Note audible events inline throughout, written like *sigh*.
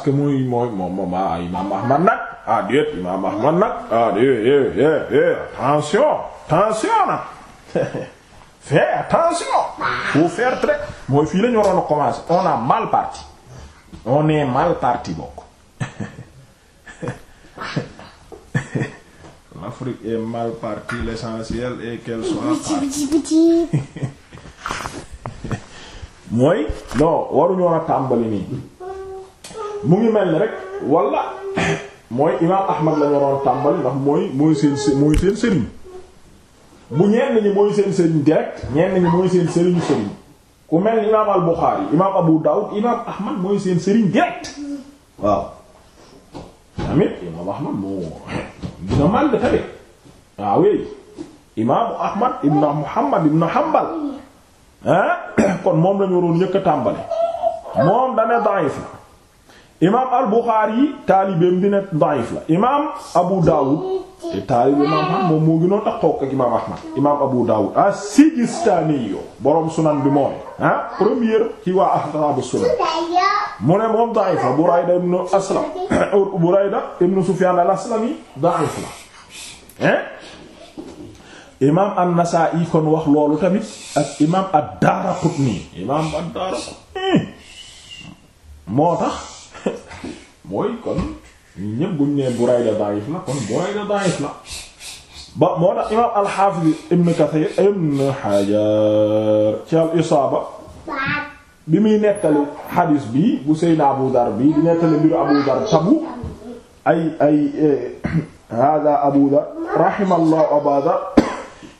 parce que muy mooy moom moom ah imaam Ahmad nag ah déet imaam Ahmad nag ah déet déet déet attention attention na *laughs* fais attention faut faire très mooy fii la ñu waroon a commencer on a mal parti on est mal parti bokk *laughs* l'Afrique est mal partie l'essentiel est qu'elle soit partie *laughs* mooy non waruñu war a tàmbali nii mu ngi mel ni rek wala *coughs* mooy imaam Ahmad la ñu doon tàmbali ndax mooy mooy seen mooy seen sëriñ bu ñenn ñi mooy seen sëriñ direct ñenn ñi mooy seen sëriñu sëriñ ku mel ni imaam al imaam Abu Dawud imaam Ahmad mooy seen sëriñ direct moo *coughs* gën a màgg tamit waaw ah oui imaamu Ahmad ibn Muhammad ibn Hanbal ah *coughs* kon moom lañu ñu waroon njëkk tàmbali moom da ne da'if imaam al-Bukhari taalibeem bi ne da'if la imaam Abu Dawud te taalibe imaam moom moo gënoon a xoog ak imaam Ahmad imaam Abu Dawud as-Sijistani borom sunan bi mooy ah, première ci waa ashaabu sunan mu moom da'if la Burayda ibn Aslam *coughs* Burayda ibn Sufyan al-Aslami da'if la eh? imaam an-Nasa'i kon wax loolu tamit ak imaam ad-Daraqutni imaam ad-Daraqutni moo tax. mooy kon ñëpp buñ nee la kon Burayda da'if la ba moo tax imaam al-Hafiz ci al-Isaaba bi muy nettali xadiis bi bu Seydina Abu Dar bi di nettali mbiru Abu Dar tabu ay ay eh, *coughs* hada Abu Dar rahimallahu Abu Dar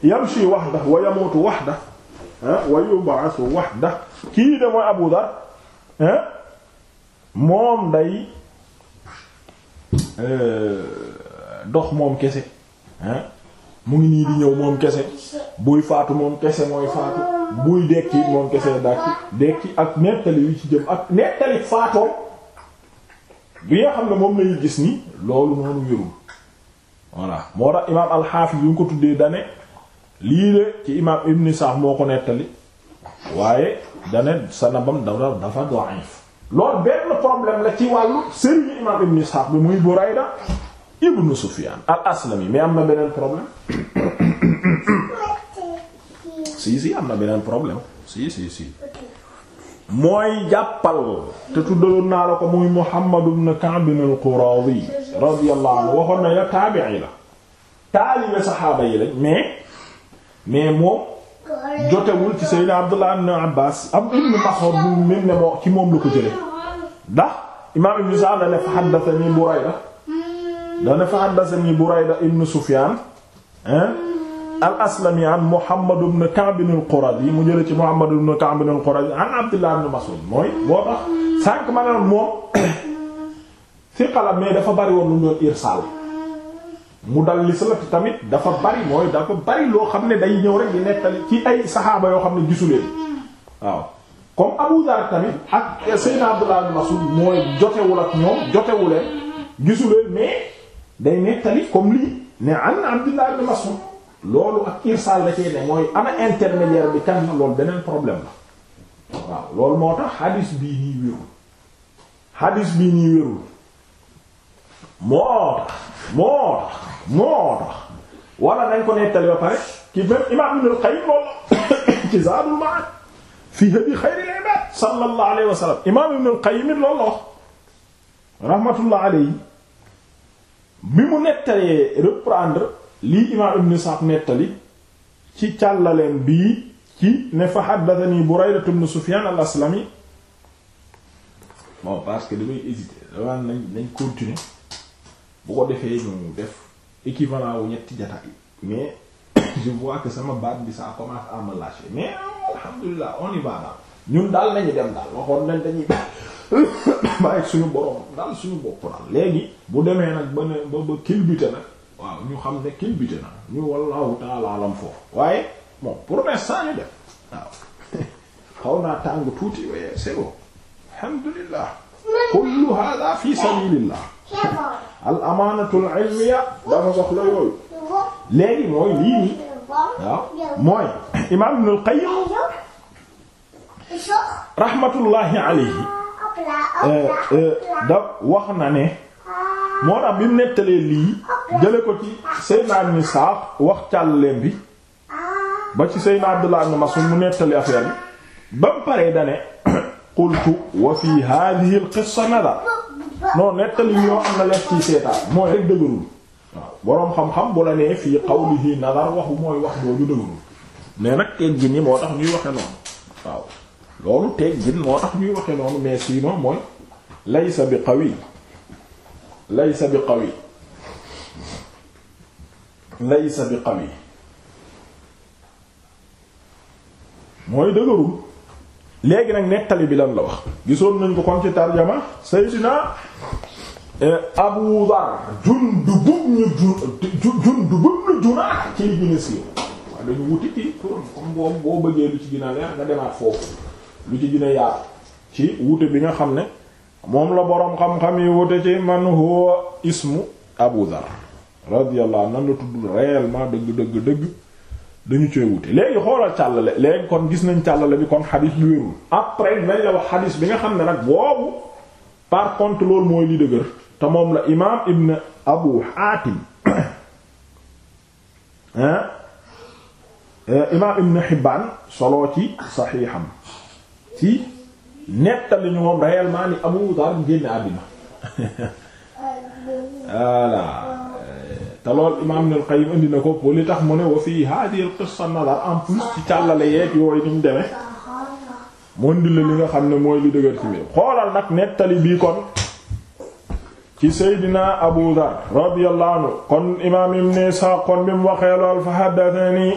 yamshi wahdahu wa yamutu wahdahu wa yub'athu wahdahu kii de mooy Abu Dar moom day euh, dox moom kese mu ngi nii di ñëw moom kese buy faatu moom kese mooy faatu buy dekki moom kese dakki dekki ak nettali yu ci jëm ak nettali faatoo bi nga xam ne moom lañuy gis ni loolu noonu wérul voilà moo tax imaam alxaafis yu ngi ko tuddee dane lii de ci imaam ibn Sa'd moo ko nettali waaye dane sanabam dafa dafa da'if loolu benn problème la ci wàllu sëriñu imam ibn Ishaq bi muy Burayda ibn Sufyan al-Aslami mais am na beneen problème *coughs* si am na beneen problème si si si mooy jàppal te tuddaloon naa la ko muy Muhammad ibn Ka'b al-Quradi radiyallahu anhu waxoon na ya taabi'i la taalibe saxaaba yi lañ mais jotewul ci Seydina Abdullah ibn Abbas am ibn Mas'ud mu mel ne moo ci moom lu ko jële ndax imaam ibn Sa'd dane fa haddathani Burayda dane fa haddathani Burayda ibn Sufyan al-Aslami Muhammad ibn Ka'b al-Quradi mu jële ci Muhammad ibn Ka'b al-Quradi an Abdullah ibn Mas'ud mooy boo tax sànq moom *coughs* thiqa la mais dafa bari lu ñu irsaal mu dal li salati tamit dafa bari mooy dafa bari loo xam ne day ñëw rek di nettali ci ay saxaaba yoo xam ne gisuleen waaw comme Abu Dar tamit ak Seydina Abdullah ibn Mas'ud mooy jotewul ak ñoom jotewuleen gisuleen mais day nettali comme lii ne an Abdullah ibn Mas'ud loolu ak irsaal da cee ne mooy ana intermédiaire bi kan loolu beneen problème la waaw loolu moo tax hadis bii nii wérul hadis bii nii wérul moo moo moo wala nañ ko nettali ba pare ki même imam Ibn al-Qayyim loolu *coughs* ci Zaadul Ma'aad fii hadi xayril ibaad sallallahu alayhi wa sallam imam Ibn al-Qayyim loolu la wax rahmatullah alayhi bi mu nettalee reprendre lii imam Ibn Sa'd nettali ci càllaleen bii ci ne fa haddathanii Burayda ibn Sufyaan al-Aslami bon parce que damay hésiter damaa nañ nañ continuer boo ko defee ñu def équivalent wu ñetti jataay mais *coughs* je vois sama baat bi ça commence à me lâcher mais alhamdulilah on y va daal ñun daal nañu dem daal waxoon nañ dañuy *coughs* bàyyi suñu borom daal suñu bopp daal léegi bu demee nag ba ne ba ba kilbite nag waaw ñu xam ne kilbite na ñu wallahu ta'ala alam foofu waaye moom pour l'instant ñu def waaw *laughs* xaw naa tàng tuuti waaye c'est bon alhamdulilah kullu hada fi sabilillah al amaanatul ilmiya dafa soxla yooyu léegi mooy lii nii waaw mooy imaam Ibnul Qayyim rahmatullahi alayhi euh, euh, da wax na ne moo tax bi mu nettalee lii jële ko ci Seydina Ibn Sa'd wax càlleen bi ba ci Seydina Abdullah ibn Mas'ud mu nettali affaire bi ba mu paree dane *coughs* qultu wa fi hadhihi al qissa nadar non nettali yoo am na leef ciy seetaan mooy rek dëgërul waaw boroom xam-xam bu la nee fii qawlihi nadar waxu mooy wax boobu dëgërul mais nag teggin yi moo tax ñuy waxe noonu waaw loolu teggin moo tax ñuy waxe noonu mais sinon mooy laysa bi qawi laysa bi qawi laysa bi qawi mooy dëgërul léegi nag nettali bi lan la wax gisoon nañ ko kon ci tarjama sayyidina eh, Abu Dhar Jundub ibn Junaada ci li gën siiw waaw dañu wuti ci turam comme boo bëggee lu ci gën leer nga demaat foofu lu ci gën a ci wute bi nga xam ne moom la boroom xam-xam yi wute ci man huwa ismu Abu Dhar radiyallahu anhu nan la tudd réellement dëgg dëgg dëgg dañu cee wute léegi xoolal càllale léegi kon gis nañ càllale bi kon xadis bi wérul après nañ la wax xadis bi nga xam ne nag boobu par contre loolu mooy li dëgër te moom la imaam ibn abu xaatim *coughs* eh, imaam ibn xibbaan soloo ci saxiixam ci nettali ñu moom réellement ni abu dar génn àddina *laughs* voilà te lool imaam Ibnul Qayyim indi na ko pour li tax mu ne wa fii haadihi al-qissa nadar en plus ci càllale yeeg yooyu ni mu demee mu indi la li nga xam ne mooy li dëgër ci biir xoolal nag nettali bii kon ci Seydina Abu Dhar radiyallahu anhu kon imaam Ibn Isaaq kon bi mu waxee lool fa haddathani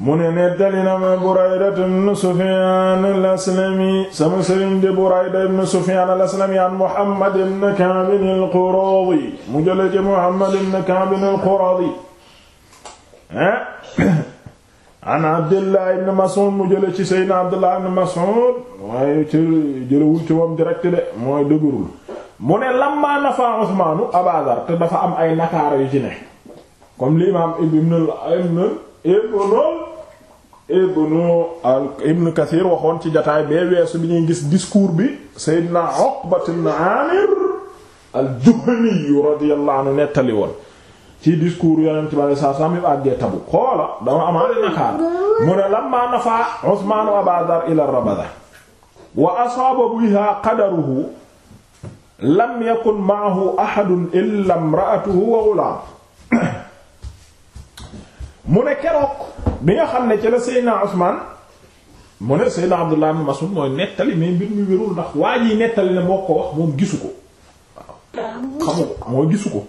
mu ne nettali na ma Burayda sama sëriñ di Burayda ibn Sufyaan an Muhammad ibn Ka'b al-Quradi Muhammad ibn Ka'b al-Quradi eh? *coughs* an Abdullah ibn Mas'ud mu jële Abdullah ibn Mas'ud waaye ci jëlewul ci direct de mooy dëgërul mu ne lamma nafa te dafa am ay nakaara yu ci ne comme l'imam Ibn ibnu ibnu al ibnu kathir waxoon ci jataay bee weesu bi ñuy gis discours bi seydina uqbat ibn amir al juhani radiyallahu nettali woon ci discours yonent bi alayhi salaam yi àggee tabu xoola dama amaale nakaar mu ne lamma nafa usmaanu aba dhar ila rabada wa asaaba biha qadaruhu lam yakun ma'ahu ahadun illa imra'atuhu wa ghulaam mu ne keroog bi nga xam ne ci la Seydina Usmaan mu ne Seydina Abdullah ibn Mas'ud mooy nettali mais mbir mi wérul ndax waa yi nettali ne moo ko wax moom gisu ko waaw gisu ko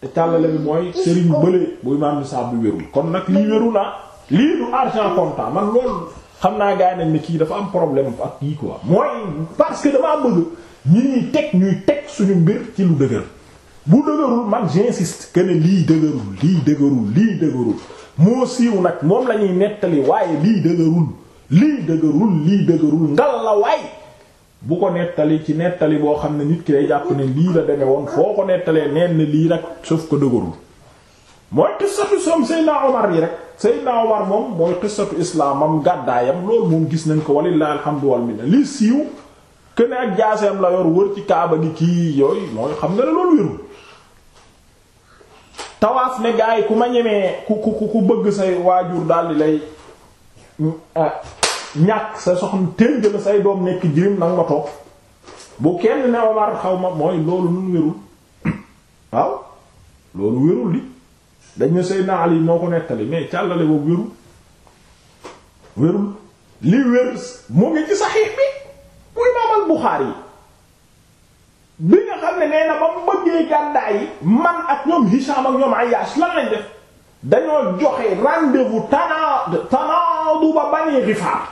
te tàllale bi mooy sëriñ bële bu imaam ni bu bi wérul kon nag lii wérul naa lii du argent comptant man loolu xam naa gaa yi nañ ne kii dafa am problème ak kii quoi mooy parce que damaa bëgg ñi ñuy teg ñuy teg suñu mbir ci lu dëgër bu dëgërul mag j'insiste que ne lii dëgërul lii dëgërul lii dëgërul moo siiw nag moom la ñuy nettali waaye lii dëgërul lii dëgërul lii dëgërul ngal la waay bu ko nettali ci nettali boo xam ne nit ki day jàpp ne lii la demee woon foo ko nettalee neen ne lii rek sauf ko dëgërul mooy qissatu soom Seydina Omar yi rek Seydina Omar moom mooy qissatu islaamam gàddaayam loolu moom gis nañ ko walilahi alhamdu wal minna lii siiw que ne ak jaaseem la yor ci kaaba gi kii yooyu mooy xam nga ne tawaaf ne gaa ku ma ñemee ku ku ku bëgg say waajur daal di lay ah, ñàkk sa soxna tënk la say doom nekk jirim nag ma toog bu kenn ne Omar xaw ma mooy loolu nun wérul *coughs* waaw loolu wérul li dañ ne Seydina yi moo ko nettali mais càllale boobu wérul wérul li wér mu ngi ci saxiix bi muy maamal Buxaari yi bi nga xam ne nee ba mu bëggee gàddaay yi man ak ñoom Hisham ñoom Ayyash lan lañ def dañoo joxe rendez-vous tanaad tanaadu ba Bani Ghifaar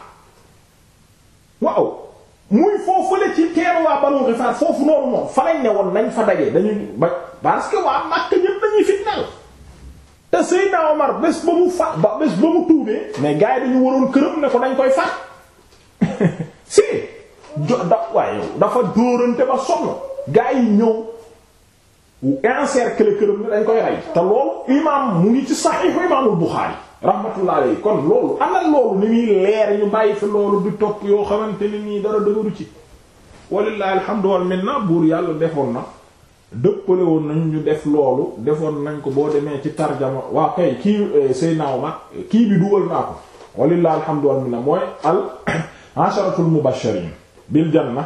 waaw muy foofu la ci teeru waa Bani Ghifaar foofu noonu moom fa ne woon nañ fa daje dañu ba parce que waa Makka ñépp dañuy fitnal te Seydina Omar bés ba mu fa ba bés ba mu tuubee mais gars yi dañu waroon këram ne ko dañ koy faat *laughs* si dafa dóorante ba sonn gaa yi ñëw encercler këram ne dañ koy rey te loolu imaam mu ngi ci saxiixu imaamul Buxaari rahmatullah alayhi kon loolu anal loolu ni muy leer ñu bàyyi fi loolu di topp yoo xamante ni nii dara dëgëru ci walillahi alhamdu wal minna buur yàlla defoon na dëppale woon nañ ñu def loolu defoon nañ ko boo demee ci tarjama waa kay kii eh, say naaw ma kii bi dugal naa ko walillahi alhamdu wal minna mooy al *coughs* *coughs* asharatul mubashirin bil janna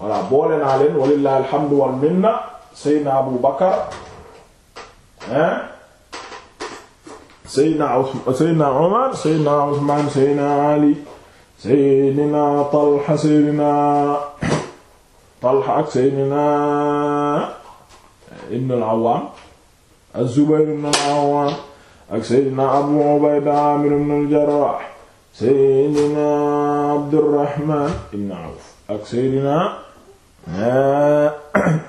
voilà boole naa leen walillahi alhamdu wal minna Seydina Abu Bakar hein Seydina Usman Seydina Umar Seydina Usman Seydina Ali Seydina Talha Seydina Talha ak Seydina Ibn al-Awwam az-Zubayr ibn al-Awwam ak Seydina Abu Ubayda Amir ibn al-Jarrah Seydina Abdurrahman ibn Awf ak Seydina Eh,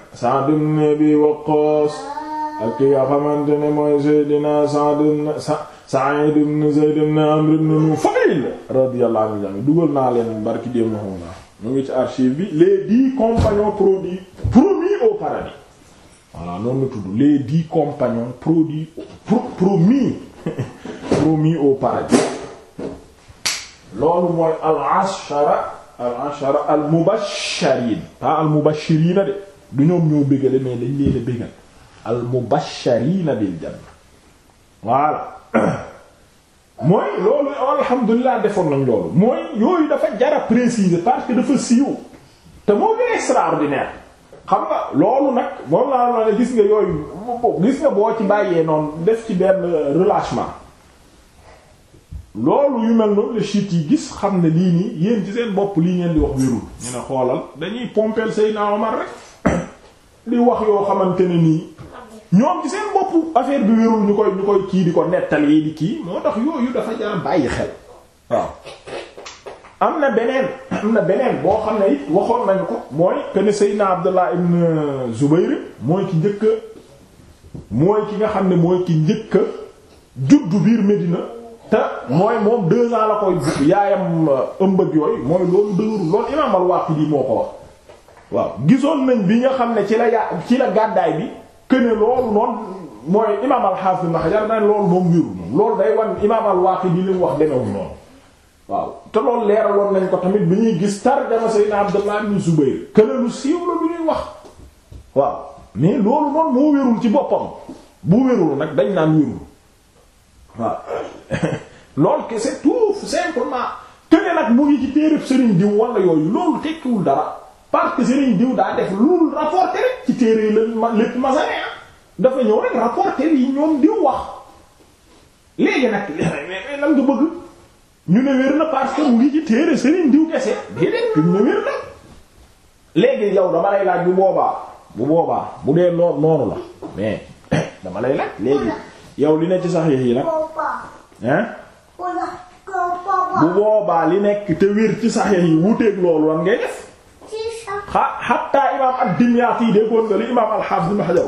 *clears throat* Sa'd ibn Abi Waqqas ak ki nga xamante ne mooy Seydina Sa'd ibn Sa'id ibn Zayd ibn Amr ibn Nufayl radiyallahu anhu dugal naa leen barki déem naxoom naa mu ngi si archive bi les dix compagnons produits promis au paradis noonu la tudd les dix compagnons produits promis *laughs* promis au loolu mooy al ashara al ashara al mubashariin pas al mubashiriina de du ñoom ñoo bégale mais dañ leen a bégal al mubashariina bil na voilà *coughs* mooy loolu alhamdulilah defoon nañ loolu mooy yooyu dafa jara préciser parce que dafa siiw te moo gën extraordinaire xam nga loolu nag moom laa la gis nga yooyu gis nga boo ci bàyyee noonu def ci benn relâchement loolu yu mel noonu la chiites yi gis xam ne lii nii yéen ci seen bopp lii ngeen di wax wérul ñu ne xoolal dañuy pompeel Seydina Omar rek *coughs* di wax yoo xamante ne nii ñoom ci seen bopp affaire bi wérul ñu koy ñu koy kii di ko nettali di kii moo tax yooyu dafa jaar bàyyi xel waaw am na beneen am na beneen boo xam ne it waxoon nañu ko mooy ken Seydina Abdullah ibn Zubayr mooy ki njëkk mooy ki nga xam ne mooy ki njëkk juddu biir Medina te mooy moom deux ans la koy yaayam euh, ëmbëg yooyu mooy loolu dëgëru loolu imaam al-Waaqidi moo ko wax waaw gisoon nañ bi nga xam ne ci la yaa ci la gàddaay bi këne loolu noonu mooy imaam al-Haafiz Ibn naa na loolu moom wéru moom loolu day wan imaam al-Waaqidi li mu wax demewul noonu waaw te loolu leeraloon nañ ko tamit bi ñuy gis tarjama Sayyidina Abdullah ibn Zubayr këne lu siiw la lu ñuy wax waaw mais loolu noonu moo wérul ci boppam bu wérul nag dañ naan wérul waaw *laughs* loolu kese tout simplement te ne nag mu ngi ci téereb Serigne Diw wala yooyu loolu tekkiwul dara parce que Serigne Diw daa def lu rapporté rek ci téere la lépp masane ah dafa ñëw rek rapporté yi ñoom Diw wax léegi nag *laughs* lan nga bëgg ñu ne wér na parce que mu ngi ci téere Serigne Diw kese déedéet duñ ne wér na léegi yow dama lay laaj bu boobaa bu boobaa bu dee noonu noonu la mais *coughs* dama lay laaj léegi. yow li nekk ci sax saxiix yi nag hein bu boobaa li nekk te wér ci saxiix yi wuteeg loolu lan ngay def xa xatta imaam ad-Dimyaati déggoon nga li imaam al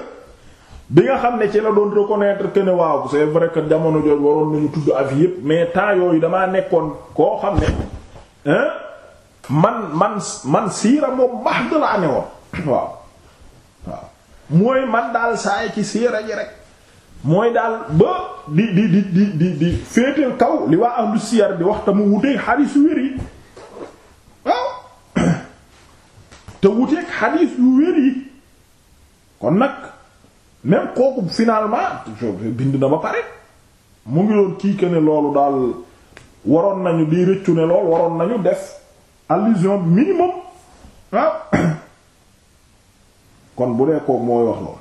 *coughs* bi nga xam ne ci la doon reconnaître que waaw c'est vrai que jamono jooju waroon nañu tudd avis yépp mais temps yooyu damaa nekkoon koo xam ne hein man man man siira moom baax da la waaw waaw mooy man daal saay ci siira ji rek mooy daal ba di di di di di di kaw li waa ahlu siyar bi wax te mu wuteeg xadiis yu wér yi waaw *coughs* te wuteeg xadiis yu wér yi kon nag même kooku finalement bind na ba pare mu ngi doon kii que ne loolu daal waroon nañu di rëccu ne lool waroon nañu def allusion minimum waaw *coughs* kon bu dee kooku mooy wax lool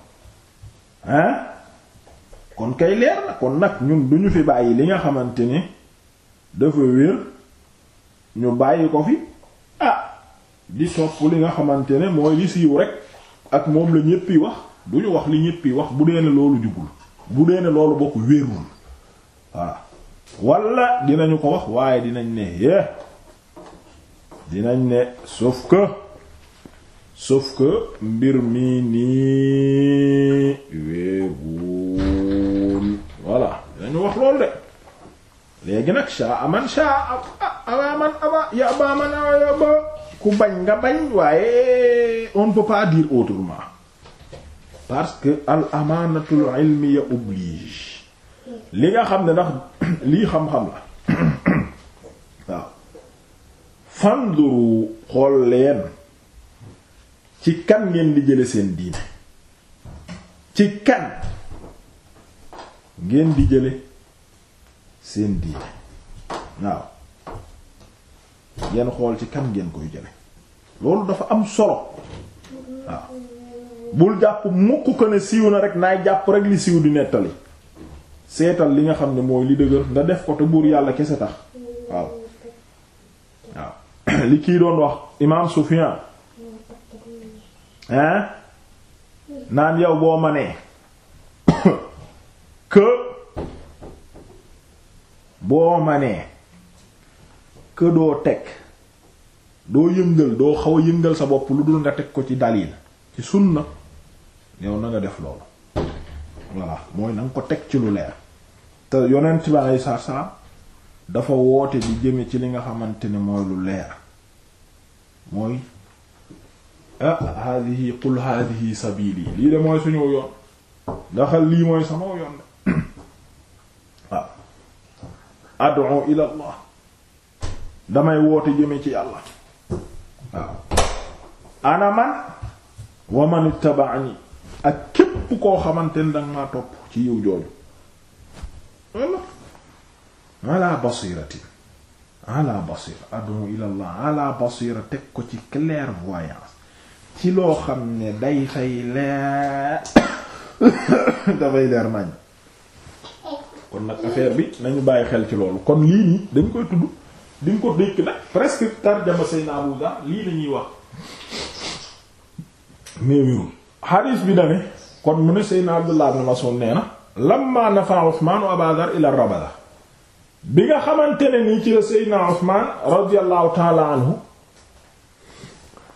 hein kon kay leer na kon nag ñun ñu fi bàyyi li nga xamante ni dafa wér ñu bàyyi ko fi a ah di sopp li nga xamante ne mooy li siiw rek ak moom la ñépp yi wax duñu wax li ñépp yi wax bu dee ne loolu jubul bu dee ne loolu bokk wérul voilà wala dinañu ko wax waaye dinañ ne dinañ ne sauf que sauf que mbir mi nii wérul ñu wax loolu de léegi nag sha aman sha aba man aba ya ba man ku bañ nga bañ waaye on ne peut pas parce que al amaanatul ilmiya oblige li nga xam ne ndax *clears throat* lii xam-xam la *clears throat* waaw fanduru xool leen ci kan ngeen di jële seen diine ci kan ngeen di jële seen diine waaw ngeen xool ci kan ngeen koy jële loolu dafa am solo waaw bul jàpp mukk ko ne siiw na rek naay jàpp rek li siiw di nettali seetal li nga xam ne mooy li dëgër nga def ko te buur yàlla kese tax waaw waaw *clears throat* li kii doon wax imaam Sufyan hein naan yow boo ma nee *coughs* que boo ma nee que teg doo yëngal doo xaw yëngal sa bopp lu dul nga teg ko ci dalil ci sun na yow na nga def loolu voilà mooy na ko teg ci lu leer te yonent bi alei saatu salaam dafa woote di jëme ci li nga xamante ne mooy lu leer mooy ah hadihi qul hadihi sabili lii de mooy suñu yoon ndaxal lii mooy sama yoon ad'u ila allah damay woote jëme ci yàlla waaw ana man wa man ittaba'ani ak képp koo xamante ne danga maa topp ci yiw jooju walla ala allah ala basira teg ko ci clairvoyance ci loo xam ne day fay leer *coughs* dafay leer nañ kon nag affaire bi nañu bàyyi xel ci loolu kon lii nii dañ koy tudd di ko dékk nag presque tarjama sayna Abu lii la wax néewirul xadiis bi dane kon mu ne sayna Abdullah ibn Mas'ud nee na lamma nafa Usmaanu Aba Rabada bi nga xamante ne nii ci la sayna Usmaan radiyallahu ta'ala anhu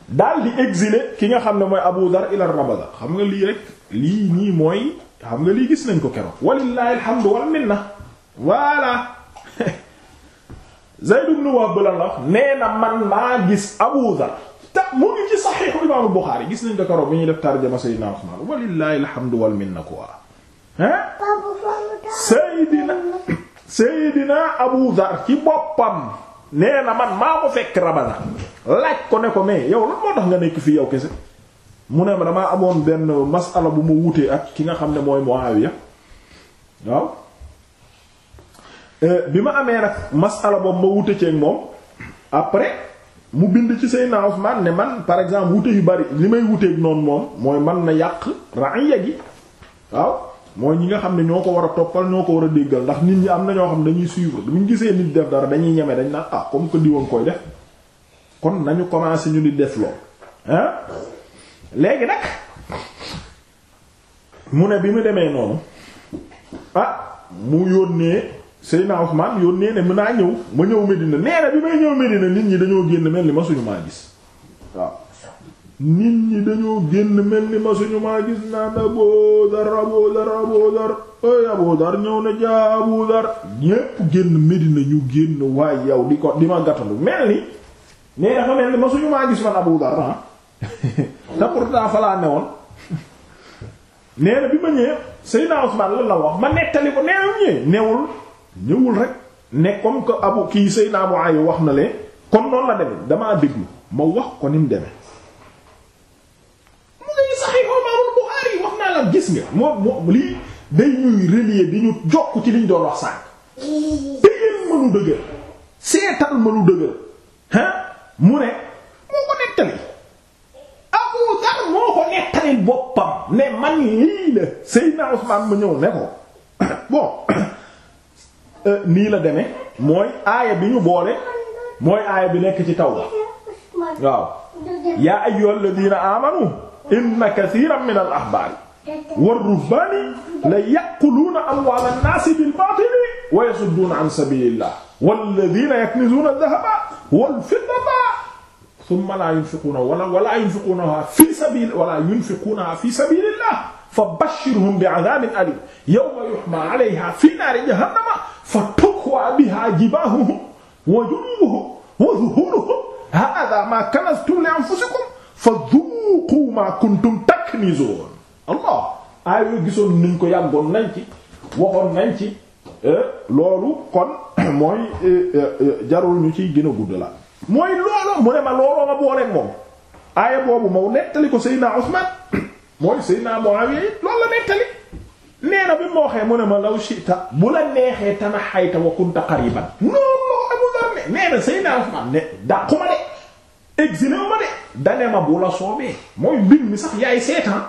daal di exiler ki nga xam ne mooy Abu Dar ila Rabada xam nga lii rek lii nii mooy xam nga lii gis nañ ko keroog walillahi alhamdu wal minna voilà *laughs* Zayd ibn nee na man maa gis Abu Dharr te mu ngi ci saxiixu imaamu Buxaari gis nañ ko keroog bi ñuy def tarjama Seydina Usmaan walillahi alhamdu wal minna quoi hein Seydina Seydina Abu Dharr ci boppam nee na man maa ko fekk Rabada laaj ko ne ko mais yow lan moo tax nga nekk fii yow kese mu ne ma damaa amoon benn masala bu ma wutee ak ki nga xam ne mooy Muawiya waaw euh, bi ma amee nag masala boobu ma wute ceeg moom après mu bind ci Seydina Usman ne man par exemple wute yu bari li may wuteeg noonu moom mooy man na yàq ra'iya gi waaw mooy ñi nga xam ne ñoo ko war a toppal ñoo ko war a déggal ndax nit ñi am na ñoo xam ne dañuy suivre bu ñu gisee nit def dara dañuy ñeme dañ naa ah comme que diwoon koy def kon nañu commencé ñu di def léegi nag mu ne bi mu demee noonu ah mu yónnee Seydina Ousmane yónnee ne naa ñëw ma ñëw Medina nee na bi may ñëw Medina nit ñi dañoo génn mel ni ma suñu maa gis ñi dañoo génn mel ni ma suñu maa gis naan Abu Dar Abu Dar Abu Dar ay jaa Abu ñépp génn Medina ñu génn waaye yow di ko di ma gàttalu mel ni nee dafa mel ni ma suñu maa gis man Abu Dar ah. *laughs* te pourtant fa laa nee na bi ma ñëwee Seydina Ousmane la wax ma nettali ko nee na ñëwee newul ñëwul rek ne comme que abu kii Seydina Abu Ayyub wax na leen kon noonu la demee damaa déglu ma wax ko ni mu demee. mu ngi gis nga moom moom lii day ñuy relier di ñu jokk ci liñ doon wax sànq. dëgër mënu dëgër seetal mënu dëgër ah mu ne moo ko nettali. moo ko nettali boppam ne man lii la Seydina Usmaan mu ñëw ne ko *coughs* bon *coughs* euh, nii la deme mooy aaya bi ñu boole mooy aaya bi nekk ci Tawba waaw yaa ayyuhal ladiina aamanu inna kasiiran minal ahbaari war ruhbaani la yaquluuna amwaalan naasi bil baatili wa yasudduuna an sabiilillah walladiina yaknizuuna adh-dhahaba wal fiddata thumma la yunfiquna wala wala yunfiquna fi sabil wala yunfiquna fi sabilillah fabashshirhum bi'adhabin alim yawma yuhma 'alayha fi nari jahannama fatukwa biha jibahuhum wa junubuhum wa zuhuruhum hadha ma kanaztum li anfusikum fadhuqu ma kuntum taknizun allah aay yooyu gisoon nañ ko yàggoon nañ ci waxoon nañ ci eh, loolu kon *coughs* mooy eh, eh, jarul ñu ciy gën a gudd la mooy looloo mu ne ma looloo ma booleeg moom aaya boobu moo nettali ko Seydina Usman *coughs* mooy Seydina Muawiya loolu la nettali nee bi mu waxee mu ne ma law shita bu la neexee tana xayta wa kunta qariban noonu loo amul ne nee na Seydina ne dàqu ma de exilé ma de dane ma bu la soobee mooy mbir mi sax yaay seetaan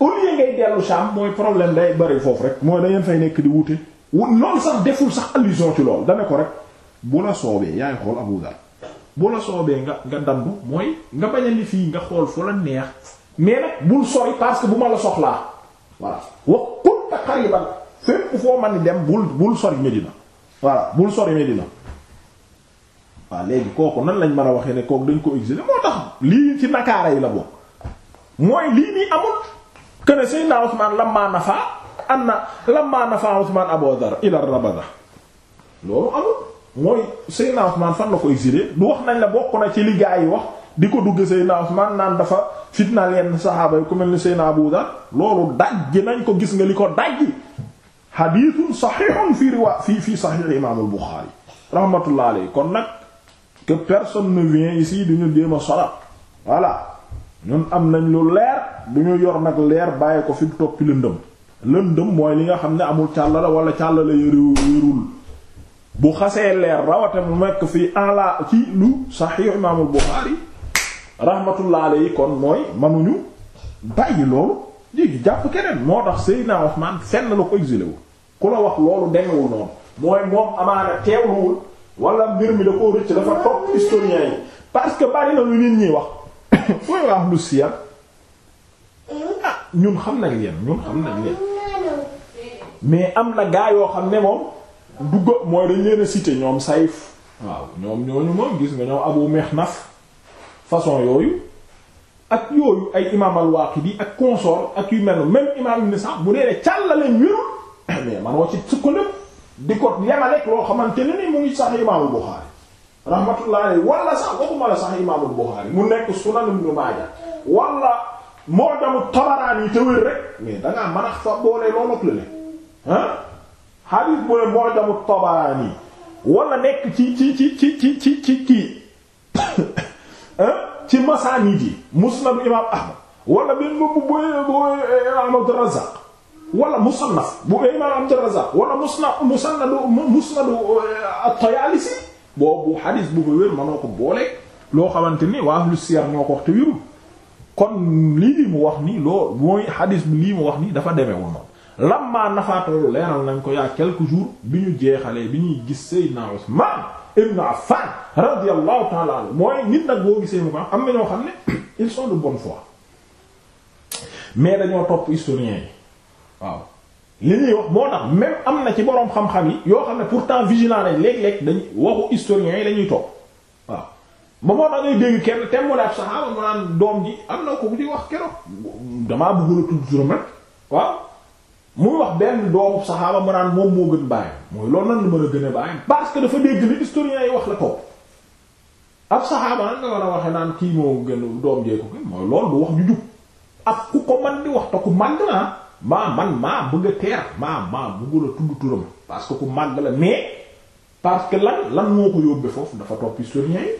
au lieu ngay dellu Sham mooy problème day bari foofu rek mooy da ngeen fay nekk di wute. loolu sax deful sax allusion ci loolu dane ko rek bu la soobee bu la soobee nga nga dandu mooy nga bañ fii nga xool fu la neex mais nag bul sori parce bu ma la soxlaa voilà wa kunta qariban fépp foo mën dem bul bul sori Medina voilà bul sori Medina waaw léegi kooku nan lañ mën a waxee ne kooku dañ ko exilé moo tax lii ci nakaara yi la bokk mooy lii nii amul kene Seydina Usmaan lamma nafa anna lamma nafa Usmaan Abu Dar ila Rabada loolu amul mooy Seydina Ousmane fan la ko exilé du wax nañ la bokk na ci li gaa yi wax di ko dugg Seydina Ousmane naan dafa fitna yenn saxaaba yi ku mel ni Seydina Abu Dar loolu dajji nañ ko gis nga li ko dajji hadithun sahihun fi riwa fii fi sahih imam al-Bukhari rahmatullah alayhi kon nag que personne ne vient ici du ñu jéem a solat ñun am nañ lu leer du ñu yor nag leer bàyyi ko fi mu topp lëndëm lëndëm mooy li nga xam ne amul càllala wala càllala yëru yërul bu xasee leer rawate mu nekk fii ala ci lu saxiix imaamul Buxaari rahmatullah yi kon mooy manuñu bàyyi loolu léegi jàpp keneen moo tax Seydina Usmaan fenn la ko exilé wu ku la wax loolu demewul noonu mooy moom amaana wala mbir mi da rëcc dafa topp historien yi parce que bari na lu nit ñi wax mooy wax lu siyar ah ñun xam nañ leen ñun xam nañ leen mais am na gaa yoo xam ne moom dugga mooy dañ leen a ñoom sayf waaw ñoom ñooñu moom gis nga ñoom abu mihnaf façon yooyu ak yooyu ay imaam al-Waaqidi ak consort ak yu mel même imaam ibn Sa'd bu dee ne càll la *coughs* ci di ko yemaleeg loo xamante ne ni mu ngi sax imaamul Buxaari rahmatullahi alayhi sax waxuma la sax imaamul Buxaari mu nekk Sunan Ibn Maaja wala moo damu Tabaraani yi te wér rek mais da ngaa mën a fa boole loolu ak la ah. xadiis bu ne mu'jamu nekk ci ci ci ci ci ci ci kii *coughs* ci masaanid yi musnadu imaam wala bin bu bu imaam Abdurrazaaq wala musannaf bu imaam wala musnad musnadu musnadu eh, at-Tayaalisi boobu xadiis boo mu wér mënoo ko boole loo xamante ni waa lu siyar ñoo ko wax te wérul kon lii mu wax nii loo mooy xadiis bi lii mu wax nii dafa demewul noonu lamma nafaatalu leeral nañ ko yaa quelques jours bi ñu jeexalee bi ñuy gis Seydina Usman ibn Affan radiyallahu ta'ala anhu mooy nit nag boo gisee mu ko am na ñoo xam ne *clears throat* ils sont de bonne foi mais dañoo topp historiens yi waaw li ñuy wax moo tax même am na ci boroom xam-xam yi yoo xam ne pourtant vigilant lañ léeg-léeg dañ waxu historiens yi dañuy topp waaw ba moo tax dégg kenn tem wala ab saxaaba mu naan doom ji am na ko bu di wax keroog damaa bëgg la muy wax benn doomu saxaaba mu naan moom moo gën bàyyi mooy loolu nan la mën a gën a bàyyi parce que dafa dégg li historiens yi wax la topp ab saxaaba nan nga war a waxee naan kii moo gën doom jee ko gën mooy loolu du wax ju jub ak ko man di wax te ku naa maa man maa bëgg a teer maa maa bëggu la tudd turam parce ku màgg la mais parce lan lan moo ko yóbbee foofu dafa topp historiens yi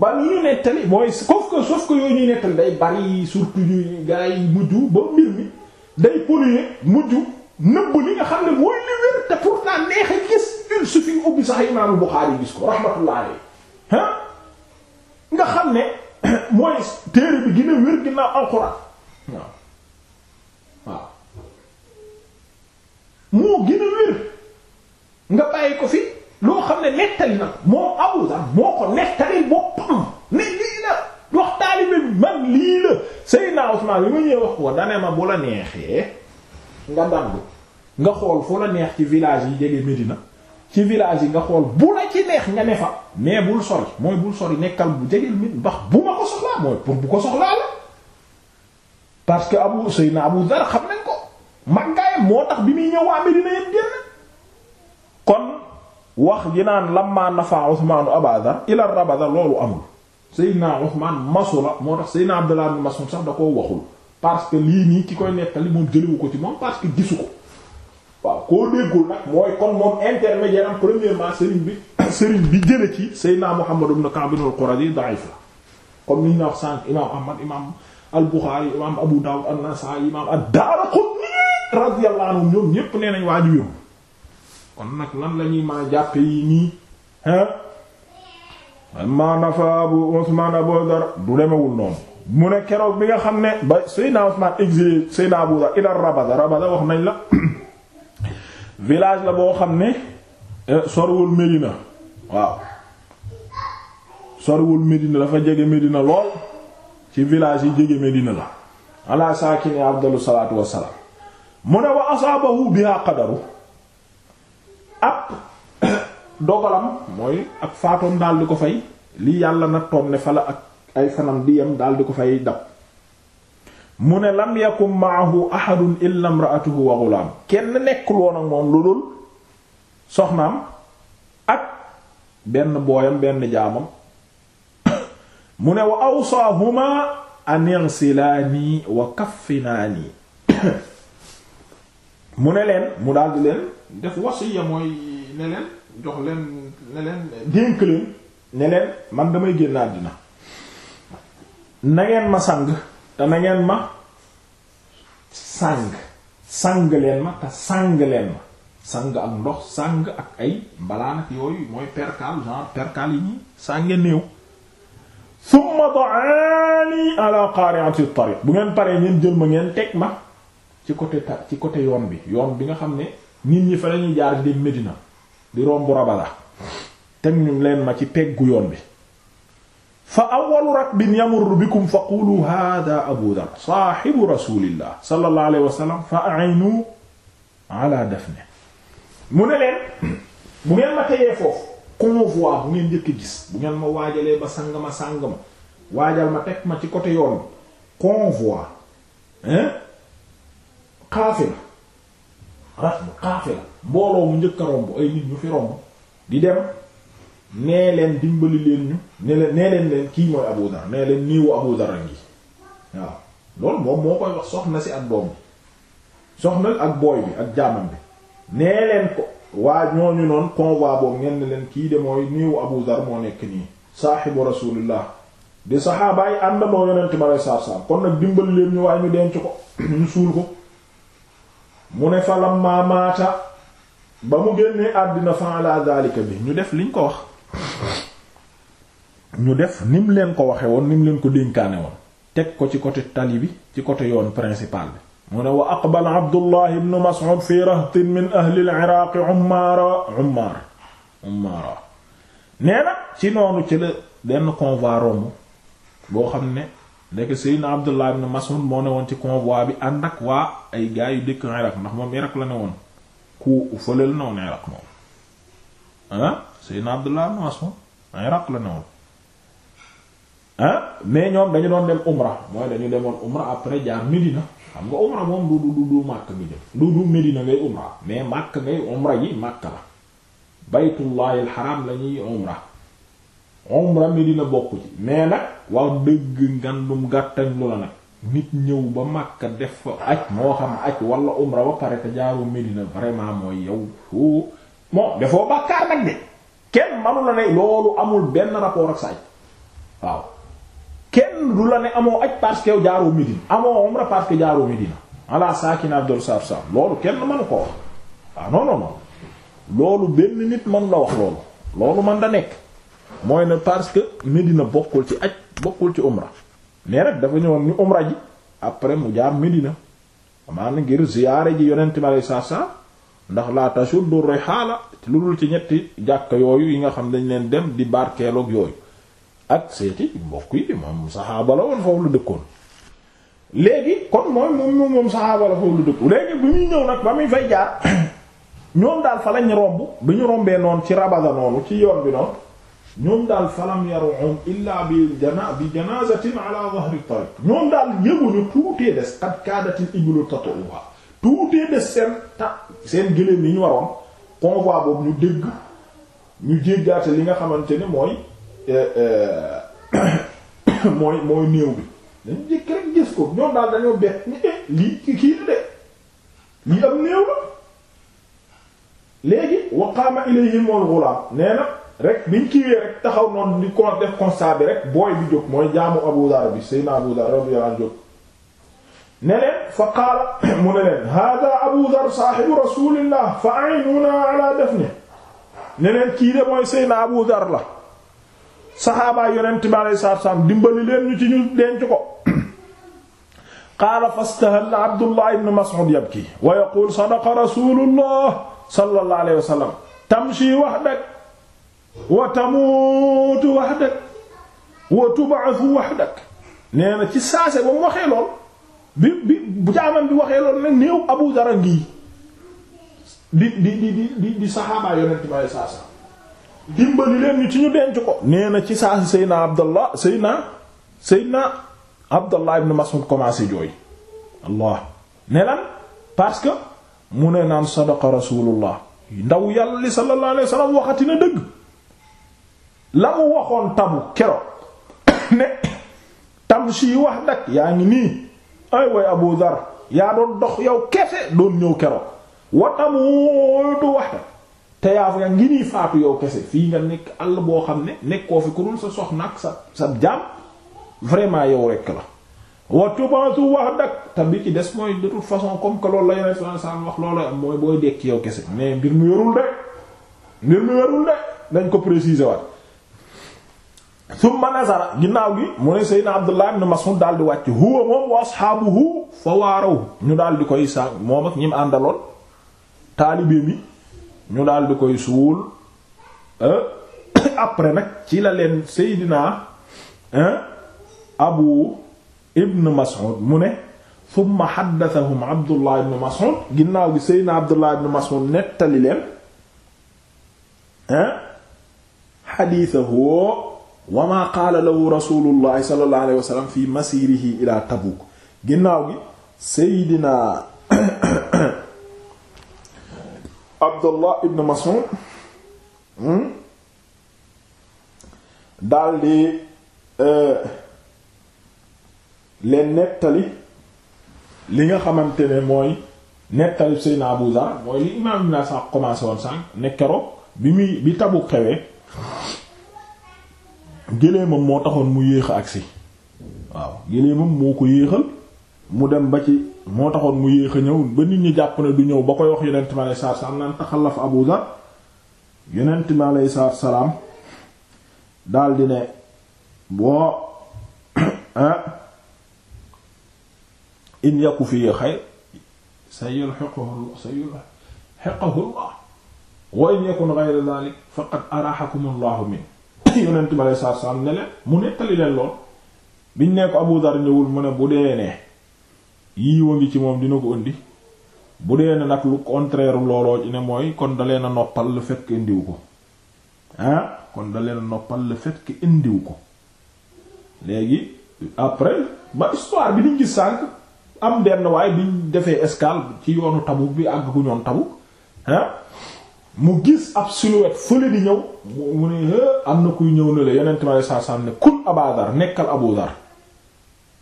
ba lu ñu nettali mooy sauf que sauf que yooyu ñuy nettali day bari surtout ñuy gars yi mujj ba mbir day polluer mujj nëbb li nga xam ne mooy li wér te pourtant neex a gis il suffit ubbi sax imaamu Buxaari gis ko rahmatullah alayhi nga xam ne *clears throat* mooy téere bi gën a wér ginnaaw alxuraan waaw moo gën wér nga bàyyi ko fi loo xam ne nettali na moo Abu moo ko nettali boppam ne lii la wax taalibe bi man lii la Seydina Usmaan bi mu ñëwee wax ko dane ma bu la neexee nga dandu nga xool fu la neex ci village yi jege Medina ci village yi nga xool bu la ci neex nga ne fa mais bul sori mooy bul sori nekkal bu jege Medina ndax bu ma ko soxlaa mooy pour bu ko soxlaa la parce que Abu Seydina Abu Dar xam nañ ko maggaayam moo tax bi muy ñëw Medina yépp génn kon wax gi naan lamma nafa Usmaanu Abaa Dar Rabada loolu amul Seydina Ousmane masu la moo tax Seydina Abdullah ibn Mas'ud sax da koo waxul parce que lii nii ki koy nettali moom jëliwu ko ci moom parce que gisu ko waaw koo déggul nag mooy kon moom intermédiaire am premièrement sëriñ bi sëriñ *coughs* bi jële ci Seydina Muhammad ibn Ka'b al-Quradi da'if la comme ni ñu wax sànq imaam Ahmad imaam al-Bukhari imaam Abu Dawud an-Nasa'i imaam ad-Daraqutni radiyallahu anhum ñoom ñépp nee nañ waa ji wéru kon nag lan la ñuy mën yi nii maa nafa abu Usmaan abu Dar du demewul noonu mu ne keroog bi nga xam ne ba Seydina Usmaan exilé Seydina Abu Dar ila Rabada Rabada wax nañ la *coughs* village la boo xam ne eh, sorwul Médina waaw sorwul Médina dafa jege Médina lool ci village yi jege Médina la ala saakini afdalu salaatu wassalaam mu ne wa asaabahu biha qadaru ab dogalam mooy ak faatoom daal ko fay li yàlla na toom ne fala ak ay fanam di yem daal ko fay dab mu ne lam yakum maahu ahadun illa imra'atuhu wa ghulaam kenn nekkul woon ak moom lu dul soxnaam ak benn booyam benn jaamam *coughs* mu ne wa awsaahuma an igsilaani wa kaffinaani *coughs* mu ne leen mu daldi leen def wasiya mooy ne leen jox leen ne leen dénk leen ne man damay génn àddina na ngeen ma sang te na ngeen ma sang sang leen ma te sang leen ma sang ak ndox sang ak ay mbalaan ak yooyu mooy percale genre percale yi ñi sànge néew summa da'ani ala qari'ati at-tariq bu ngeen paree ngeen jël ma ngeen teg ma ci côté ta ci côté yoon bi yoon bi nga xam ne nit ñi fa lañuy jaar di dem Medina di romb rabada teg ñu leen ma ci peggu yoon bi fa awwalu rakbin yamurru bikum fa qulu hada abu dhar saahibu rasulillah sallallahu alayhi wa sallam fa a'inu ala mu ne leen bu ngeen ma teyee foofu convoi bu ngeen njëkk gis bu ngeen ma waajalee ba sang ma sang ma waajal ma teg ma ci côté yoon convoi hein qaafila mbooloo mu njëkk a romb ay nit ñu fi romb di dem nee leen dimbali leen ñu nee leen nee leen leen kii mooy Abu nee leen niiwu Abu a ngi waaw loolu moom moo koy soxna si ak doom bi soxna ak booy bi ak jaamam bi nee leen ko waa ñooñu noonu convoi boobu ngeen leen kii de mooy niiwu Abu Dar moo nekk nii saaxibu rasulillah di saxaabaay ànd moo yonent ma lay saar-saar kon nag dimbali leen ñu waaye ñu denc ko *coughs* ñu suul ko mu ne falam maamaata ba mu génnee àddina fa ala zalika bi ñu def liñ ko wax ñu def nim leen ko waxe woon nim leen ko dénkaane woon teg ko ci côté tali bi ci côté yoon principal bi mu ne wa aqbala abdullah ibn mas'ud fi rahtin min ahli al ummaara ummaara ummaara nee na ci noonu ci la benn convoi romb boo xam ne ndeke seydna abdullah ibn mas'ud moo ne woon ci convoi bi ànd ak waa ay gaa yu dëkk iraq ndax moom iraq la ne woon ku fëlal na woon Iraq moom ah Seydina Abdullah ibn Mas'ud Iraq la ne woon mais ñoom dañu doon dem umra mooy dañu demoon umra après jaar Medina xam nga umra moom du du du Makka bi du du Medina ngay umra mais Makka ngay umra yi Makka la baytullahi alxaram la umra umra Medina bokku ci mais nag wax dëgg ngandum gàttañ lu la nag nit ñëw ba Makka def fa moo xam aj wala umra ba pare te jaaroo Medina vraiment mooy yow foo moom dafoo bàkkaar nag de kenn manu la ne loolu amul benn rapport ak sa aj waaw kenn du la ne amoo aj parce que yow jaaroo Medina amoo umra parce que jaaroo Medina ala saakina abdol sar sam loolu kenn manu ko wax waaw ah, non non loolu benn nit manu la wax loolu loolu man da nekk mooy ne parce que Medina bokkul ci aj bokkul ci umra mais nag dafa ñëwoon ñu umra ji après mu jaar Medina maanaam ngir ziyaare ji yonent ma lay ndax saa ndax la tashuddu rihaala lu dul ci ñetti jàkka yooyu yi nga xam dañ leen dem di barkeeloog yooyu ak seeti mbokk yi moom saxaaba la woon foofu la dëkkoon léegi kon mooy moom moom saxaaba la foofu la dëkku léegi bi muy ñëw nag ba muy fay jaar *coughs* ñoom daal fa lañ romb bi ñu rombee noonu ci rabada noonu ci yoon bi noonu ñoom daal falam yaruhum illa bi jana bi janazatin ala dhahri tariq ñoom daal yëguñu tuutee des qad kaadatil iblu tatawwa tuutee des seen ta seen gëléem yi ñu waroon convoi boobu ñu dégg ñu jéggaate li nga xamante ne mooy euh, euh, *coughs* mooy néew bi dañu jëkk rek gis ko ñoom daal dañoo bett ni eh, lii ki kii de lii am néew la léegi waqaama ilayhim al ghulam nee na rek biñ kiiwee rek taxaw noonu di ko def bi rek booy bi jóg mooy jaamu Abu Dar bi Seydina Abu Dar radiyallahu anhu jóg ne leen fa qaala *coughs* mu ne leen Abu Dar saahibu rasulillah fa aynuna ala dafni ne leen kii de mooy Abu Dar la saxaabaa yonent bi alayhi salaatu salaam dimbali leen ñu ci ñu denc ko *coughs* qaala fastahalla Abdullah ibn Mas'ud yabki wa yaqul sadaqa rasulullah sallallahu alayhi wa sallam tamshi wahdak wa tamuutu wahdak wa tub'athu wahdak nee na ci saase ba mu waxee lool bi bi bu jaamam bi waxee lool nag néew Abu Dara ngii di di di di saxaabaa yonent bi saasa dimbali leen ñu ci ñu denc ko nee na ci saase Seydina Abdallah Seydina Seydina Abdallah ibn Mas'ud commencé jooy Allah parce que mu ne naan sadaqa rasulullah ndaw yàlla li sallallahu alayhi wasallam waxati na dëgg la mu waxoon tabu keroog *coughs* ne wax wahdak yaa ngi nii ay way Abu yaa doon dox yow kese doon ñëw keroog wa tamuutu wahdak te yaa fa ngi nii faatu yow kese fii nga nekk àll boo xam ne nekkoo fi ku dul sa soxna ak sa sa jaam vraiment yow rekk la wa tubatu wahdak te bi ci des mooy de toute façon comme que loolu la yeneen sa saan wax loolu am mooy booy dekk yow kese mais mbir mu yorul de mbir mu yorul de dañ ko préciser waat summa nazara ginnaaw gi mu ne Seydina Abdullah ibn Mas'ud daal di wàcc huwa moom wa ashaabuhu fa waaraw ñu daal di koy sànq moom ak ñi mu àndaloon taalibe mi ñu daal di koy suul eh, *coughs* après nag ci la leen Seydina eh, Abu Ibn Mas'ud mu ne summa haddathahum Abdullah ibn Mas'ud ginnaaw gi Seydina Abdullah ibn Mas'ud nettali leen eh, hadithahu wa maa qaala lahu rasulullahi sallallahu alayhi wa sallam fi masirihi ila Tabuk ginnaaw gi Seydina *coughs* Abdullah ibn Mas'ud hmm, daldi euh, leen nettali li nga xamante ne mooy nettali Seydina Abu Zar mooy li imaam Ibn Sa'd commencé woon sànq ne keroog bi muy bi Tabuk xewee géléemam moo taxoon mu yéex a agsi waaw géléemam moo ko yéexal mu dem ba ci moo taxoon mu yéex a ñëw ba nit ñi jàpp ne du ñëw ba koy wax yonent mi aleyhi salaatu salaam naan taxalaf Abu yonent mi aleyhi salaatu salaam daldi ne boo *coughs* ah, in yaku fii xayr sayulhiquhu sayulhiquhu Allah wa in yakun ghayra dhalik faqad arahakum Allahu min *coughs* yonent bi aleyhi salaatu salaam ne mu nettali leen lool biñ ne ko Abu Dar ñëwul mu ne bu dee ne yiiwa ngi ci moom dina ko indi bu dee ne nag lu contraire looloo ci ne mooy kon da leen noppal le fekk que indiwu ko ah kon da leen a noppal la fekk indiw ko léegi après ba histoire bi niñ gis sànq am benn waaye biñ defee escale ci yoonu tabu bi àgg ku ñoon Tabuk ah. mu gis ab silhouette fële di ñëw mu ne am na kuy ñëw ne la yeneen tamit saa saa ne kun abadar nekkal abudar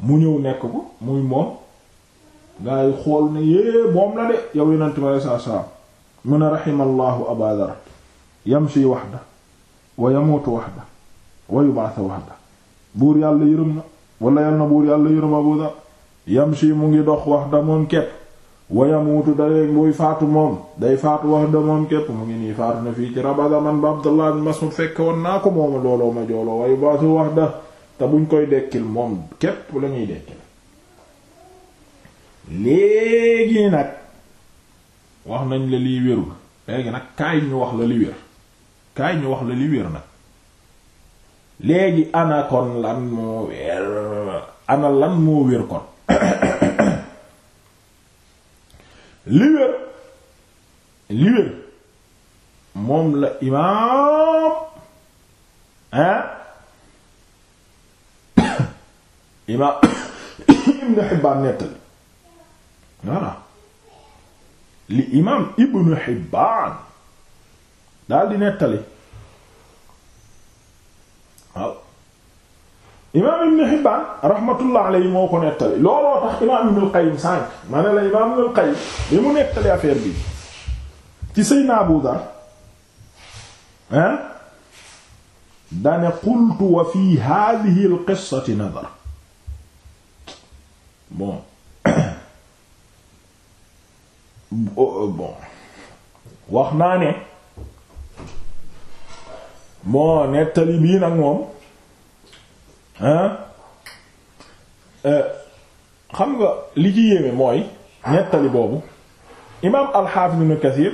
mu ñëw nekk ko muy moom gaa xool ne yee moom la de yow yeneen tamit saa saa mu ne rahimallahu abadar yamshi wahda wa yamutu wahda wa yub'athu wahda buur yàlla yërëm na wala yal na buur yàlla yërëm abudar yamshi mu ngi dox wahda moom kepp wayamuutu dareeg buy faatu moom day faatu wax da moom képp mu ngi nii faatu na fii ci rabada man ba abdullah bin mas'ud fekke naa ko mooma looloo ma jooloo wayu baasu wax da te buñ koy dekkil moom képp la ñuy dekkil léegi nag wax nañ la liy wérul léegi nag kaay ñu wax la li wér kaay ñu wax la li wér nag léegi ana kon lan moo wér ana lan moo wér kon li wér moom la imaam ah *coughs* imaam *coughs* ibnu Hibbaan nettali voilà li imaam ibnu Hibbaan daal di nettali imaam ibn Hibbaan rahmatullah alayhi moo ko nettali looloo tax imaam ibn al-Qayyim sànq ma la imaam ibn al-Qayyim nettali affaire bi ci Seydina Abu Dar dane qultu wa fi hadhihi al-qissati nadar bon *coughs* oh, oh, bon wax naa ne moo nettali bii nag moom Euh, xam nga li ci yéeme mooy nettali boobu imaam alxaafis ibn Kasiir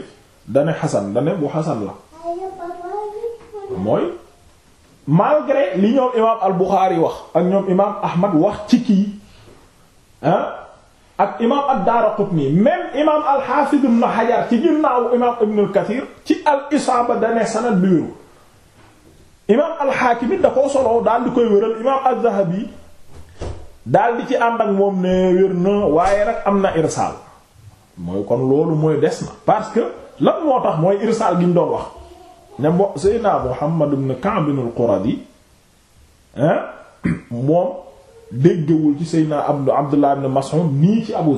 dane xasan dane bu xasan la mooy malgré li ñoom imaam al Buxaari wax ak ñoom imaam Ahmad wax ci kii ak imaam ad-Daaraqutni même imaam alxaafis ibn Hajar ci ginnaawu imaam ibn Kasiir ci al isaaba dane sanad bi imaam alxaakim it da koo solo daal di koy wéral imaam az-Zahabi di ci ànd ak moom ne wér na waaye nag am na irsaal mooy kon loolu mooy des na parce que lan moo tax mooy irsaal gi ñu doon wax ne mo Seydina Muhammad ibn Ka'b al-Quradi moom déggewul ci Seydina Abdu Abdullah ibn Mas'ud nii ci Abu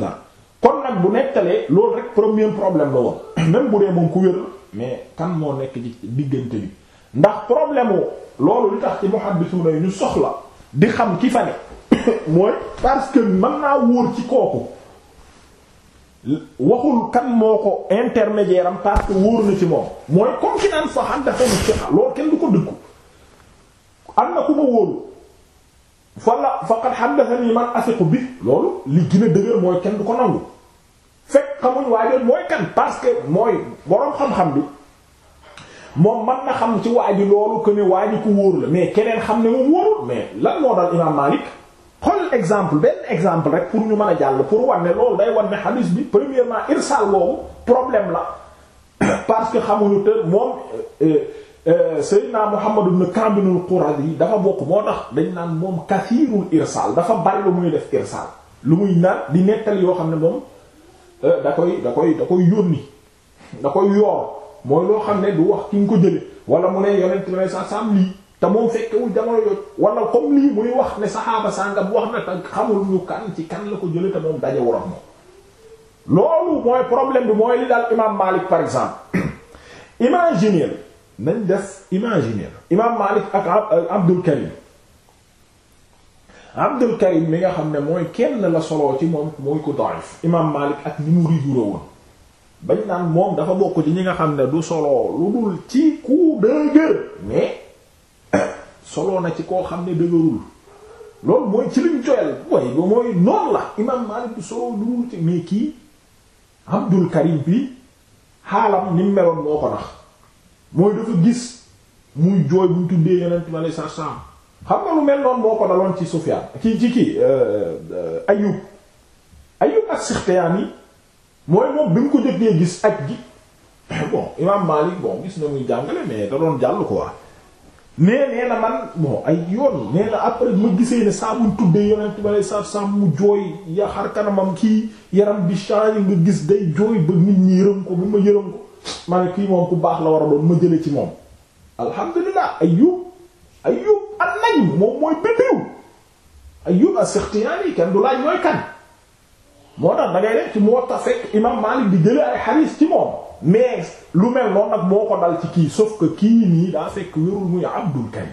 kon nag bu nettalee loolu rek premier problème la woon même bu dee moom ku wér mais kan moo nekk ci diggante bi ndax problème wu loolu li tax ci muhaddisuna yi ñu soxla di xam ki fa ne *coughs* mooy parce que mën naa wóor ci kooku waxul kan moo ko intermédiaire parce que wóor na ci moom mooy comme ki naan saxan dafa mu siqa loolu kenn du ko dëggu am na ku fa la faqad haddathani man asiqu bi loolu li gën a dëgër mooy kenn du ko nangu fekk xamuñ waaye mooy kan parce que mooy boroom xam-xam bi moom man na xam ci waa ji loolu que ne waa ji ku wóor la mais keneen xam ne moom wóorul mais lan moo dal imaam Malik xool exemple benn exemple rek pour ñu mën a jàll pour wane loolu day wane hadith bi premièrement irsal boobu problème la *coughs* parce que xamuñu te moom euh, euh, Seydina Muhammad ibn Ka'b al-Quradi dafa bokk moo tax dañ naan moom kasiirul irsal dafa bari lu muy def irsal lu muy naan di nettali yoo xam ne moom euh, da koy da koy da koy yónni da koy yor. mooy loo xam ne du wax ki nga ko jële wala mu ne yonent la ne sa sam lii te moom fekkewul jamono yooyu wala comme lii muy wax ne saxaaba sàngam wax na te xamul ñu kan ci kan la ko jële te moom daje wuram moom loolu mooy problème bi mooy li daal imam Malik par exemple *coughs* imaginer nañ def imaginer imam Malik ak euh, Abdul Karim Abdul Karim mi nga xam ne mooy kenn la soloo ci moom mooy ko daif imam Malik ak ni mu rigoureux woon bañ naan moom dafa bokk ci ñi nga xam ne du solo lu dul ci ku dëgër mais solo na ci koo xam ne dëgërul loolu mooy ci lim joyal way ba mooy noonu la imam Maalik du solo lu dul ci mais kii Abdul Karim bi xaalam ni meloon moo ko tax mooy dafa gis muy jooy bu ñu tuddee yonent ma lay sa xam nga lu mel noonu moo ko daloon ci Sufyaan ci ci kii euh, euh, Ayyub Ayyub as mooy moom bi mu ko jëkkee gis ak gi bon imam Malik bon gis na muy jàngale mais da doon jàll quoi mais nee na man bon ay yoon nee na après ma gisee ne saa buñ tuddee yonent bi alei satu salaam mu jooy ya kanamam kii yaram bi changé nga gis day jooy ba nit ñi yërëm ko ma yërëm ko ma ne moom ku baax la war a doon ma jële ci moom alhamdulilah Ayyub Ayyub an-Najm moom mooy bindiw kenn du laaj mooy kan moo tax da ngay def ci Muwatta fekk imam Malik bi jëlee ay xadiis ci moom mais lu mel noonu nag moo ko dal ci kii sauf kii nii daa fekk wérul muy Abdul Karim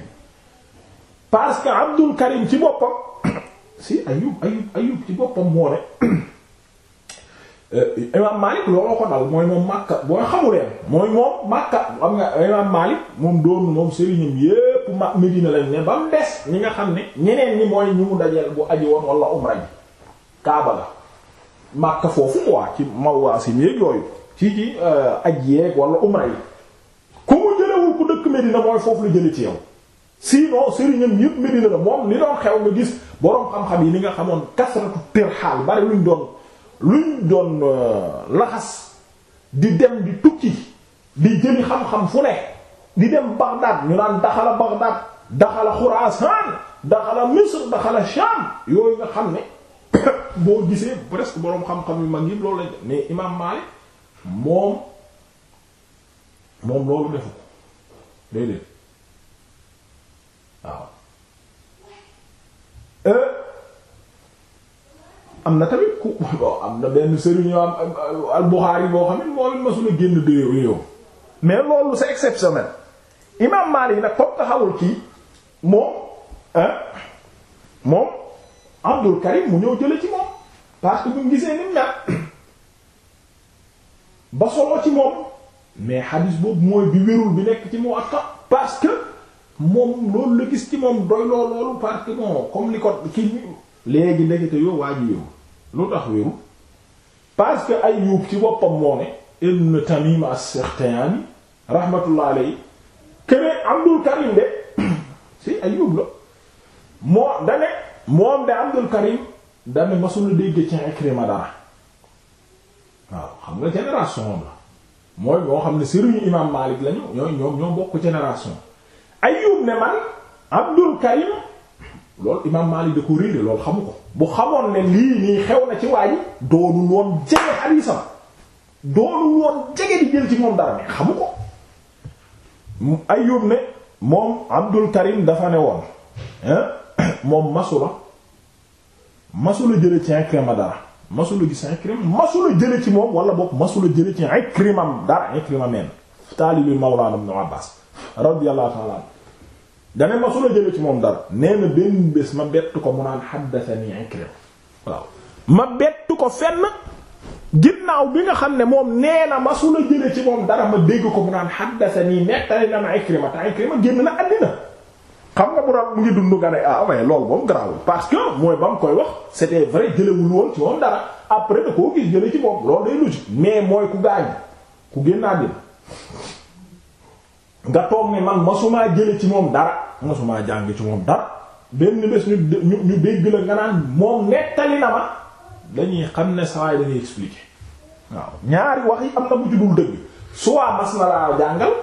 parce que Abdul Karim ci boppam *coughs* si Ayub Ayub Ayub ci boppam moo ne *coughs* euh, Malik looloo ko dal mooy moom Makka booy xamuleen mooy moom Makka am nga imam Malik moom doon moom sëriñam yépp ma Medina lañ ne ba mu des ñi nga xam ne ñeneen ñi mooy ñu mu dajeel bu aji woon wala umra ji Kaaba la Makka foofu quoi ci mawaasim yeeg yooyu ci ci euh, aj yeeg wala umra yi ku mu jëlewul ku dëkk Medina mooy foofu la jële ci yow sinon sëriñam yëpp Medina la moom li doon xew nga gis boroom xam-xam yi li nga xamoon kasratu tirxaal bari luñ doon luñ doon euh, laxas di dem di tukki di jëli xam-xam fu ne di dem Baghdad ñu naan daxala Baghdad daxala Xuraasaan daxala Misr daxala Shaam yooyu nga xam ne *laughs* boo gisee presque boroom xam-xam yu mag yi loolu lañ def mais imaam Maalik moom moom loolu defu ko déedéet waaw euh, am na tamit ku am na benn sëriñ yoo am al boo xam ne moom it ma su la génn déew yow mais loolu c'est exceptionnel imaam Maalik nag comme taxawul kii moom moom Abdul Karim mu ñëw jële ci moom parce bu mu gisee ni mel ba solo ci moom mais xadis boobu mooy bi wérul bi nekk ci moo ak parce que moom loolu la ci moom doy que bon comme li ko ki léegi nekkite yoo waa ji lu tax wérul parce que Ayyub ci woppam moo ne ibn Tamim as-Sakhtiyani rahmatullah alayhi kene Abdul Karim de *coughs* si Ayyub la moo dane moom de Abdul Karim dane masula dégg ci Ikrima dara waaw xam nga génération la mooy moo xam ne sëriñu imam Malik lañu ñooy ñoom ñoo bokk génération Ayyub ne man Abdul Karim loolu imam Malik da ko réere loolu xamu ko bu xamoon ne lii nii xew na ci waaji doonul woon jege xadiisam doonul woon jege di jël ci moom dara mais xamu ko Ayyub ne moom Abdul Karim dafa ne woon moom masula masula jële ci Ikrima dara masula gis Ikrima masula jële ci moom wala boog masula jële ci Ikrimam dara Ikrima men taalibi Mawlana Ibn Abbas radiyallahu ta'ala an dane masula jële ci moom dara nee na benn bés ma bett ko mu naan haddathani Ikrima waaw ma bett ko fenn ginnaaw bi nga xam ne moom nee na masula jële ci moom dara ma dégg ko mu naan haddathani nettali na ma Ikrima te Ikrima génn na àddina xam nga bu doon mu ngi dund nga ne ah mais loolu moom garaawul parce que mooy ba mu koy wax c'était vrai jëlewul woon ci moom dara après da koo gis jële ci moom loolu day logique mais mooy ku gaañ ku génn àddina nga toog ne man masumaa jële ci moom dara masumaa jàng ci moom dara benn bés ñu ñu dégg la nga naan moom nettali na ma dañuy xam ne sawaay dañuy expliquer waaw ñaari wax yi am na bu ci dul dëgg soit mas na laa jàngal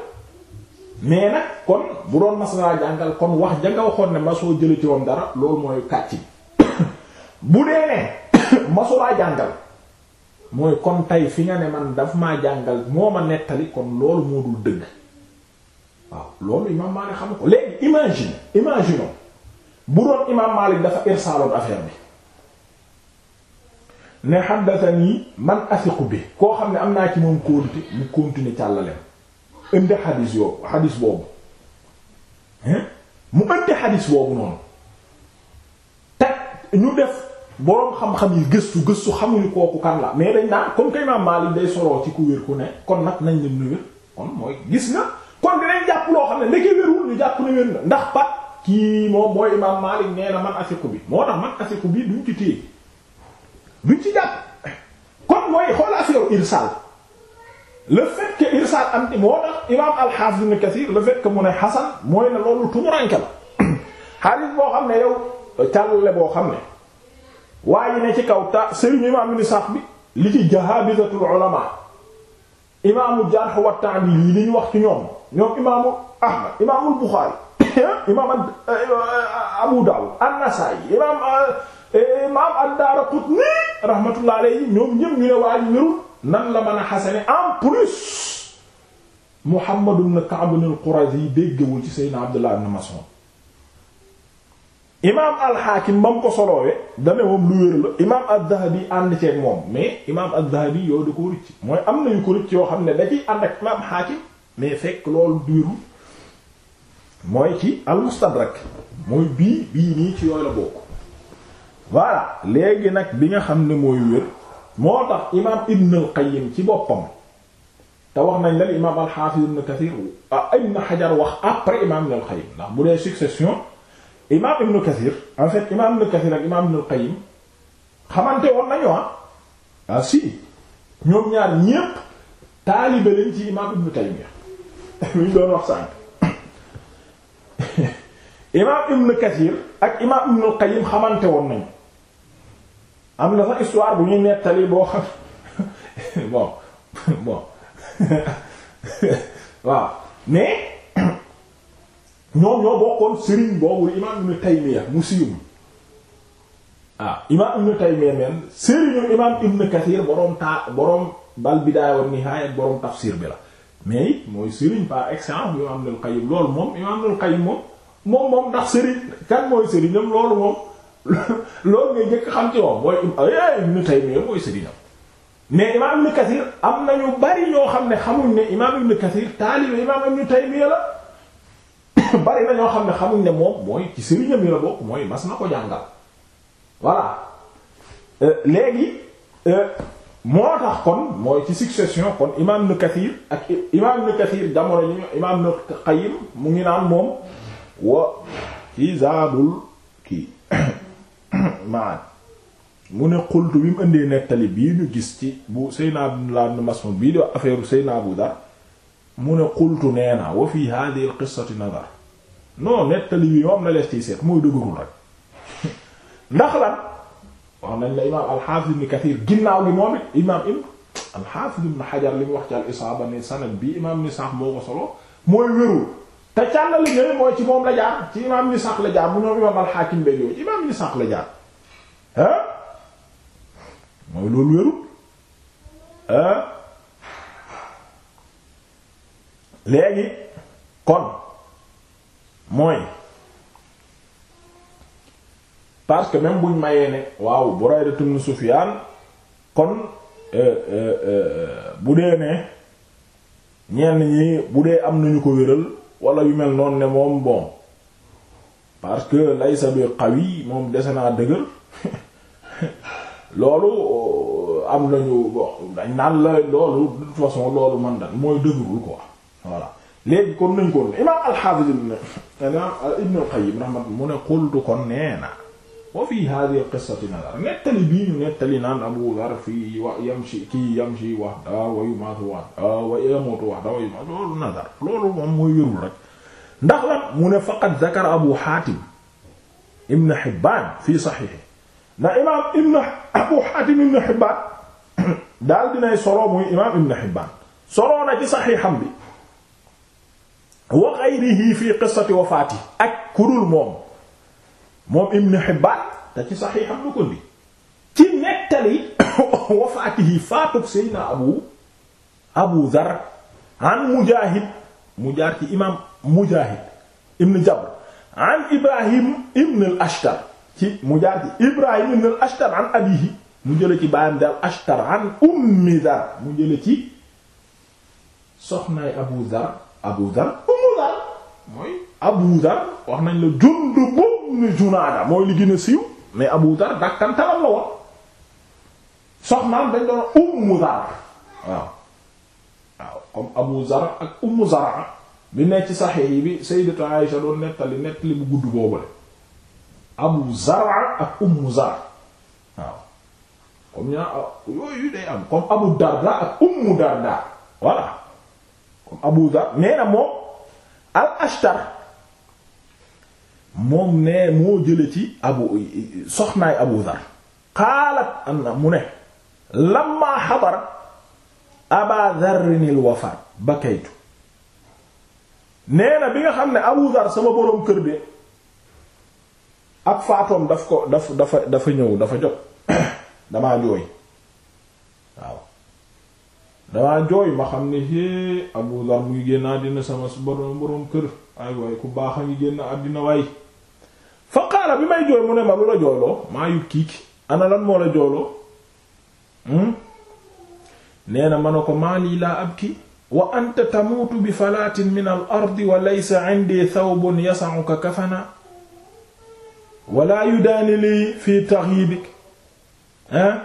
mais nag kon bu doon mas ngaa jàngal kon wax ja waxoon ne masoo jële ci woon dara loolu mooy kàcc *coughs* bu dee ne *coughs* masulaa jàngal mooy kon tey fi nga ne man daf maa jàngal moo ma nettali kon loolu moo dul dëgg waaw loolu imaam Maalik xam ko léegi imagine imaginons bu doon imaam Maalik dafa irsaaloon affaire bi ne nii man asiqu bi koo xam ne am naa ci moom kóolute mu continuer càllaleem indi xadis yoo xadis boobu mu indi xadis boobu noonu teg ñu def boroom xam-xam yi gëstu gëstu xamuñu kooku kan la mais dañ daan comme que imaam Maalik day soroo ci ku wér ku ne kon nag nañ leen nu wér kon mooy gis nga kon dinañ jàpp loo xam ne ndeke wérul ñu jàpp ne wér na ndax pat kii moom mooy imaam Maalik nee na man asiku bi moo tax man asiku bi duñ ci téye duñ ci jàpp kon mooy xool affaire irsaal le fait que irsal am moo tax imaam al-Hafiz Ibn Kathir le fait mu ne xasan mooy ne loolu tumuranke la xaalis *clears throat* boo xam ne yow càllale boo xam ne waaye ne ci kaw ta sëriñu imaam ibn Sa'd bi li ci jahabizatul ulama imaamu jarh wa ta'dil yi wax ci ñoom ñoom imaamu Ahmad imaamul *coughs* euh, Abu Dawud an-Nasa'i imaam euh, imaam ad-Daraqutni rahmatullahi alayhi ñoom ñëpp ñu ne waa ñu nan la mën a xasane en plus Muhammad ibn Ka'b al-Qurazi déggewul ci Seydina Abdullah ibn Mas'ud imaam al-Hakim ba mu ko soloowe dane moom lu wér imaam ad ànd ceeg moom mais imaam ad-Dhahabi yow ko rëcc mooy am na yu ko rëcc yoo xam ne da ciy ànd ak imaam Hakim mais fekk loolu du wérul mooy ci al-Mustadrak mooy bii bii nii ci yooyu la bokk voilà léegi nag bi nga xam ne mooy wér moo tax imaam Ibn al-Qayyim ci boppam te wax nañ la imaam al-Hafiz Ibn Kathir ah Ibn Hajar wax après imaam Ibn al ndax bu dee succession imaam Ibn Kathir en fait imaam Ibn Kathir ak imaam Ibn al xamante woon nañu ah. ah si ñoom ñaar ñépp taalibe lañ ci imaam Ibn *laughs* wax sànq *laughs* imaam Ibn Kathir ak imaam Ibn al xamante woon nañu. am na sax histoire bu ñu nettali boo xam *laughs* bon bon *laughs* waaw mais *clears throat* ñoom ñoo bokkoon sëriñ boobu imaam Ibnu Taymiya mu siiw ah imaam Ibnu Taymiya men sëriñu imaam Ibnu Kathir boroom taa boroom bal Bidaaya wa Nihaaya boroom tafsir bi la mais mooy sëriñ par excellence imaam Ibnul Qayyim loolu moom imaam Ibnul Qayyim moom moom moom ndax sëriñ kan mooy sëriñam loolu moom *laughs* lool ngay njëkk xam ci moom mooy eh, Ibn Taymiyya mooy sëriñam mais imaam Ibn Kathir am na ñu bari ñoo xam ne xamuñ ne imaam Ibn Kathir taalibe imaam Ibn Taymiyya la *coughs* bari na ñoo xam ne xamuñ ne moom mooy ci sëriñam yi la bokk mooy mas na ko jàngal voilà euh, léegi euh, moo tax kon mooy ci succession kon imaam Ibn Kathir ak imaam Ibn Kathir jamono ji imaam Ibn Qayyim mu ngi naan moom wa ci zaadul kii *coughs* *coughs* maan mu ne xultu bi mu indee nettali bii ñu gis ci bu Seydina Abdullah ibn Mas'ud bii di wax affaire Seydina Abu Dar mu ne xultu nee wa fi hadhihi al-qissati nadar non nettali bi moom na lees ciy seet mooy dëgërul rek *laughs* ndax lan wax imaam al-Hafiz ibn Kathir ginnaaw gi moom it imaam im al-Hafiz ne sanad bi imaam ni moo ko solo mooy wérul te càllali ñëwe mooy ci moom la jaar ci imaam ni la jaar bu ñoom imaam al-Hakim yooyu imaam ni ah mooy loolu wérul léegi kon mooy parce que même buñ mayee ne waaw Burayda ibn Sufyaan kon euh, euh, euh, bu dee ne ñenn ñi bu dee am nañu ko wéral wala yu mel noonu ne moom bon parce que laysa bi qawi moom dese naa dëgër *laughs* loolu euh, am nañu dañ naan loolu façon loolu man daal mooy dëgërul quoi voilà léegi kon nañ ko imam al-Hafiz ibn al-Qayyim rahmat mu ne qultu kon nee na wa fii hadhihi qissati nadar nettali bii nettali naan Abu Dharr fii wa yamshi kii yamshi wahda wa yumaatu wahda wa yamuutu wahda wa yumaatu loolu nadar loolu moom mooy wérul rek ndax lan mu ne faqad zakara Abu Hatim ibn Hibban fii sahihi na imaam ibn Abu Hatim ibn Hibbaan daal dinay solo muy imaam ibn Hibbaan solo na ci saxiixam bi wa ghayrihi fi qissati wafaatihi ak kurul moom moom ibn Hibbaan te ci saxiixam lu ko ndi ci nettali *coughs* wafaatihi faatug Seydina Abu Abu Dharr an Mujaahid mu jaar ci imaam Mujaahid ibn Jabr an Ibraahiim ibn al-Ashtar ci mu jaar ci Ibrahim ibn al-Ashtar an abihi mu jële ci baayam daal Ashtar an ummi Dar mu jële ci soxnaay Abu Dar Abu Dar Ummu Dar mooy nañ la Jundub ibn Junaada mooy li gën a siiw mais Abu Dar dakkantalam la woon soxnaam dañ doon Ummu Dar waaw waaw comme Abu Zar ak Ummu Zara bi nekk ci Sahih bi Sayyidatu Aïsha doon nettali nettali bu gudd boobule abu zara ak ummu zara waaw comme ñaa yooyu am darda ak ummu darda voilà moom al ashtar moom nee moo jële ci abu soxnaay abu dar qaalat am mu ne lamma xabar aba darrinil wafaat bakaytu nee na bi nga xam ne abu dar sama boroom kër de ak faatoom daf ko daf dafa dafa ñëw dafa jot *coughs* damaa jooy waaw ma xam ne hé Abu Dhar mu génn àddina sama borom borom kër ay ku baax a ngi génn àddina waay fa bi may jooy mu ne ma lu la jooyloo maa yut kiiki ana moo la jooyloo hmm nee na ma ko maa lii laa abki wa anta tamuutu bi falaatin min al ardi wa laysa indi thawbun yas'uka kafana wala yudaani lii fii taxyibik hein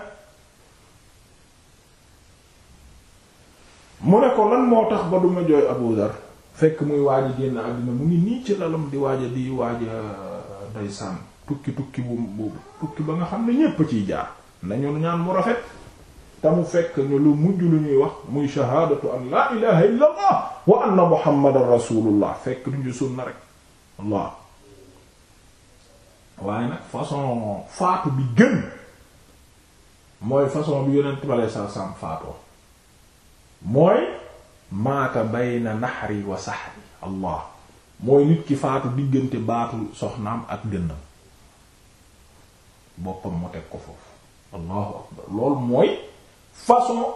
mu ne ko lan moo tax ba du ma jooy Abu Dar fekk muy waaj a génn àddina mu ngi nii ci lalam di waaj di waaj a day tukki tukki bu tukki ba nga xam ne ñépp ciy jaar nañu ñaan mu rafet te mu fekk lu mujj lu ñuy wax muy shahaadatu am laa ilaha illa allah wa anna muhammadan rasulullah fekk duñu sunna rek allah waaye nag façon faatu bi gën mooy façon bi yonent bi aleyhi salaatu salaam faatoo mooy maata bayna naxari wa saxri allah mooy nit ki faatu diggante baatu soxnaam ak gënnam boppam mu teg ko foofu allahu akbar loolu mooy façon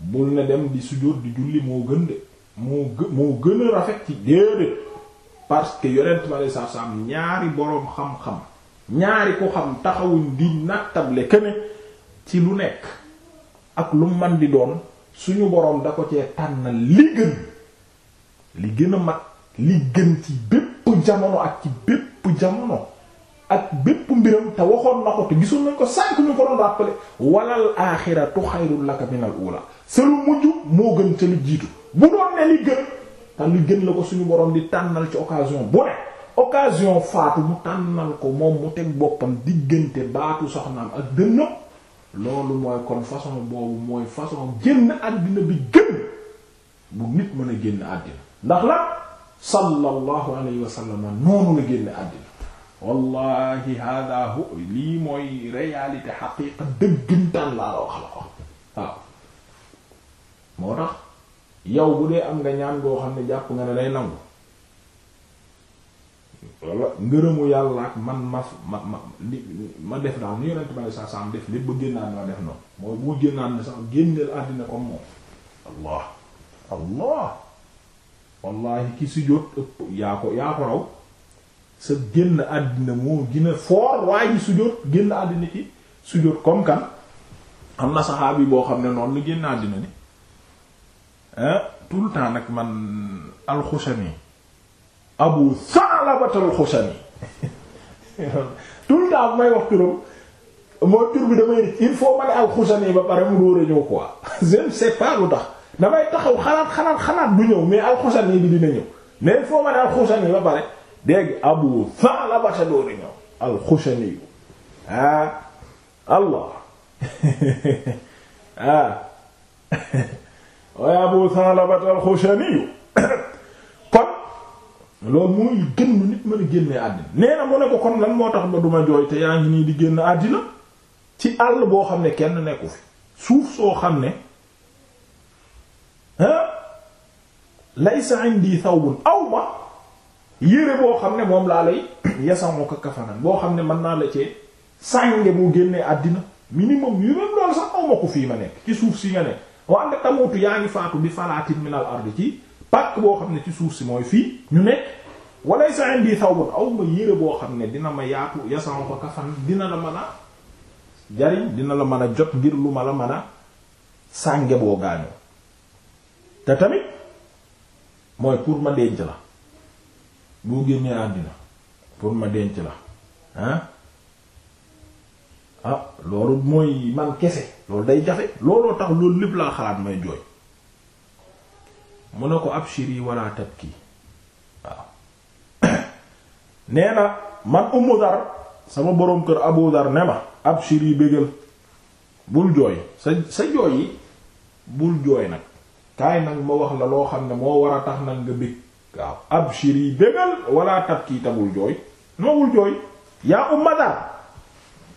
bul ne dem di sujjóot di julli moo gën de moo gë moo gën a rafet ci déedéet parce que yonent bi alei satu salaam ñaari boroom xam-xam ñaari ku xam taxawuñ di nattable kene ci lu nekk ak lu man di doon suñu boroom da ko cee tànnal li gën li gën a mag li gën ci bépp jamono ak ci bépp jamono ak bépp mbiram te waxoon na ko te gisul nañ ko sànk ñu ko doon rappelé walal aaxiratu xayrul laka minal ula sa lu mujj moo gën ca lu jiitu bu doon ne li gën te lu gën la ko suñu boroom di tànnal ci occasion bu ne occasion faatu mu tànnal ko moom mu teg boppam diggante baatu soxnaam ak dënnam loolu mooy kon façon boobu mooy façon génn àddina bi gën bu nit mën a génn àddina ndax la sallallahu alayhi mooy réalité xaqiqa dëggantaan waaw moo tax yow bu dee am nga ñaan boo xam ne jàpp nga ne day nangu walla ngërëmu yàlla ak man ma ma ma ma def daal nu yonent bale sa sam def lépp ba génnaan nga def noonu mooy bu génnaan ne sax si jot ëpp yaa ko yaa ko waaye su jot génn àddina ci su jot comme kan am na saxaabi boo xam ne noonu lu génn àddina ni tout le temps nag man alxusani abu salabat alxusani *laughs* tout le temps bu may wax turam mooy tur bi damay il faut ma ne alxusani ba pare mu door a ñëw quoi *laughs* je ne sais lu tax damay taxaw xalaat xalaat du ñëw mais alxusani bi dina ñëw mais il faut alxusani ba pare dégg abu salabat a door a ñëw alxusani ah allah *laughs* ah waaye Abu Salabat al-Xushani kon loolu mooy gën lu nit mën génnee àddina nee mu ne ko kon lan moo tax ba duma jooy te yaa ngi nii di génn àddina ci àll boo xam ne kenn nekku fi suuf soo xam ne ah laysa indi thawbun aw awma yére boo xam ne moom laa lay yasamoo ko kafanan boo xam ne mën naa la cee sànge bu génnee àddina minimum yu même loolu sax aw ko fii ma nekk ci suuf si nga nekk wa anta tamuutu yaa ngi faatu bi falaatin minal ardi ci pàkk boo xam ne ci suuf si mooy fii ñu nekk walay sa xaw thawbun aw ma yére boo xam ne dina ma yaatu yasan ko kafan dina la mën a jariñ dina la mën a jot ngir lu ma la mën a sànge boo gaañoo te tamit mooy pour ma denc la boo génnee àddina pour ma denc la ah loolu mooy man kese loolu day jafe looloo tax loolu lépp laa xalaat may jooy mu ne ko abshiri wala tabki waaw *coughs* nee na man Ummu Dar sama boroom kër Abu Dar ne ma ab abshiri bégal bul jooy sa sa jooy yi bul jooy nag kaay nag ma wax la loo xam ne moo war a tax nag nga bég waaw abshiri bégal wala tabki tabul jooy noowul jooy yaa Ummu Dar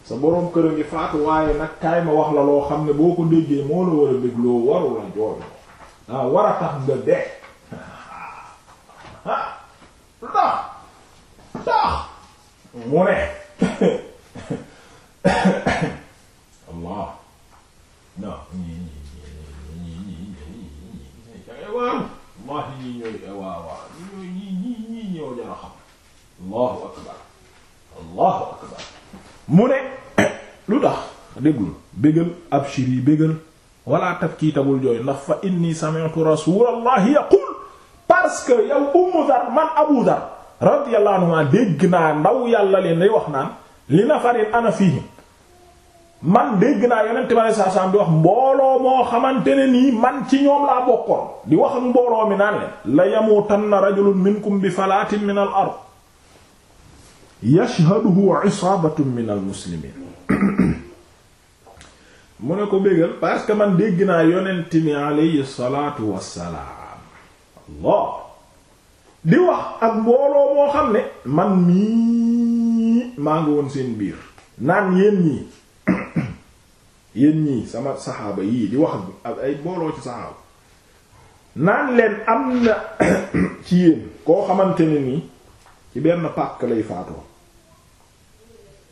sa boroom kër a ngi faatu waaye nag kaay ma wax la loo xam ne boo ko déggee moo la war a dégloo waru la jooy ah war a tax nga dee ah ndax ndax mu ne Allah non ñii ñii ñii ñii waaw waaw ñii ñooy waaw waaw ñii ñii ñii ñoo jar a xam Allahu akbar Allahu akbar mu ne lu tax déglu bégal abshir yi bégal wala tabki tabul jooy ndax fa inni sami'tu rasulallahi yaqul parce que yow ummu dar man abu dar radiyallahu anhu dégg naa ndaw yàlla leen day wax naan li nafarin ana fihim man dégg naa yonent bi alayhi salaam di wax mbooloo moo xamante ne nii man ci ñoom laa bokkoon di wax mbooloo mi naan leen la yamuutanna rajulun minkum bi falaatin min al yashhaduhu isaabatun min al muslimin mu ne ko bégal parce que man dégg naa yonent bi alayhi salaatu wassalaam allah di wax ak mbooloo moo xam ne man mii maa ngi woon seen biir naan yéen ñii *coughs* yéen ñii sama saxaaba yii di wax ak ay mbooloo ci saxaaba naan leen am na *coughs* ci yéen koo xamante ne nii ci benn pàkk lay faatoo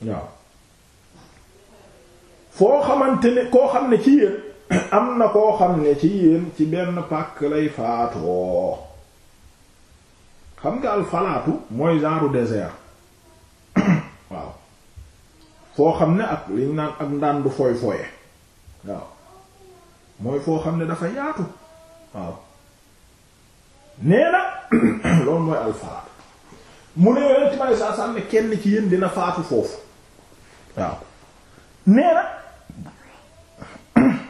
waaw foo xamante ne koo xam ne ci yéen *coughs* am na koo xam ne ci yéen ci benn pàkk lay faatoo xam nga alfalaatu mooy genre désert *coughs* waaw foo xam ne ak liñ naan ak ndaan fooy fooye waaw mooy foo xam ne dafa yaatu waaw nee na *coughs* loolu mooy alfalaatu mu ne yonent bi sallallahu alayhi wasallam ne kenn ci yéen dina faatu foofu waaw nee na *clears throat*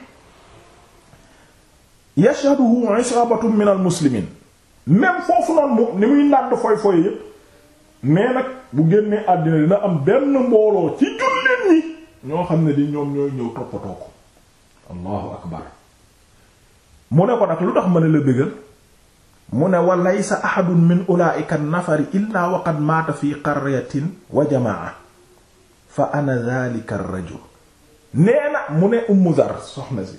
yashhaduhu isabatu min al muslimin même foofu noonu moom ni muy nàdd foy foy yépp mais nag bu génnee àddina dina am benn mbooloo ci jullit ñi ñoo xam ne di ñoom ñooy ñëw toppatoo ko allahu akbar mu ne ko nag lu tax ma ne la bëggal mu ne wa laysa ahadun min ulaika an nafari illa waqad maata fi qaryatin wa jamaa fa ana dhalika ar nee na mu ne ummu Zar soxna si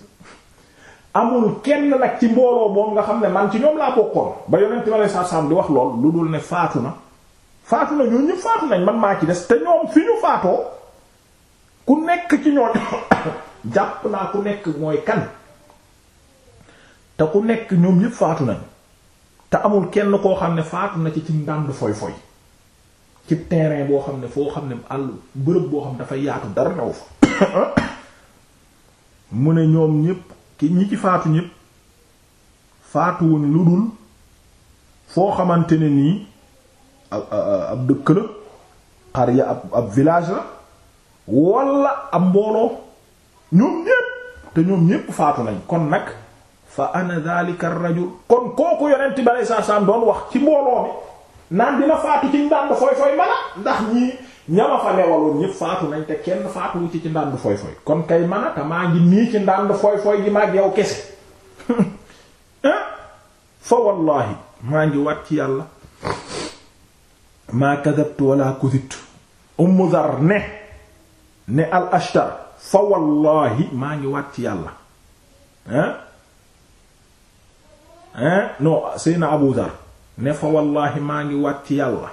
amul kenn nag ci mbooloo moom nga xam ne man ci ñoom laa bokkoon ba yonent ma lay sarsam di wax lool lu dul ne faatu na faatu na ñooñu ñëpp faatu nañ man maa ci des te ñoom fi ñu faatoo ku nekk ci ñoom *coughs* jàpp naa ku nekk mooy kan te ku nekk ñoom yëpp faatu nañ te amul kenn koo xam ne faatu na ci ci ndànd foy foy ci terrain boo xam ne foo xam ne àll bërëb boo xam ne dafa yaatu dara new fa *coughs* mu ne ñoom ñépp ki ñi ci faatu ñépp faatuwuñ lu dul foo xamante ne nii ab dëkk la xarya ab ab village la walla ab mbooloo ñoom ñépp te ñoom ñépp faatu nañ kon nag fa ana dhalika ar-rajul kon kooku yonent bi alayhi salaam doon wax ci mbooloo mi naan dina faatu ci ndànd foy foy mana ndax ñii ñama fa newaloon ñëpp faatu nañ te kenn faatu ci ci ndànd foy foy kon kay mana te maa ngi nii ci ndànd foy foy gi maag yow kese *laughs* fa maa ngi wat ci yàlla maa kadabtu wala kudibtu fa wallahi maa ngi wat ci yàlla hein hein non seyna Abu Dhar ne fa wallaahi maa ngi wàcc yàlla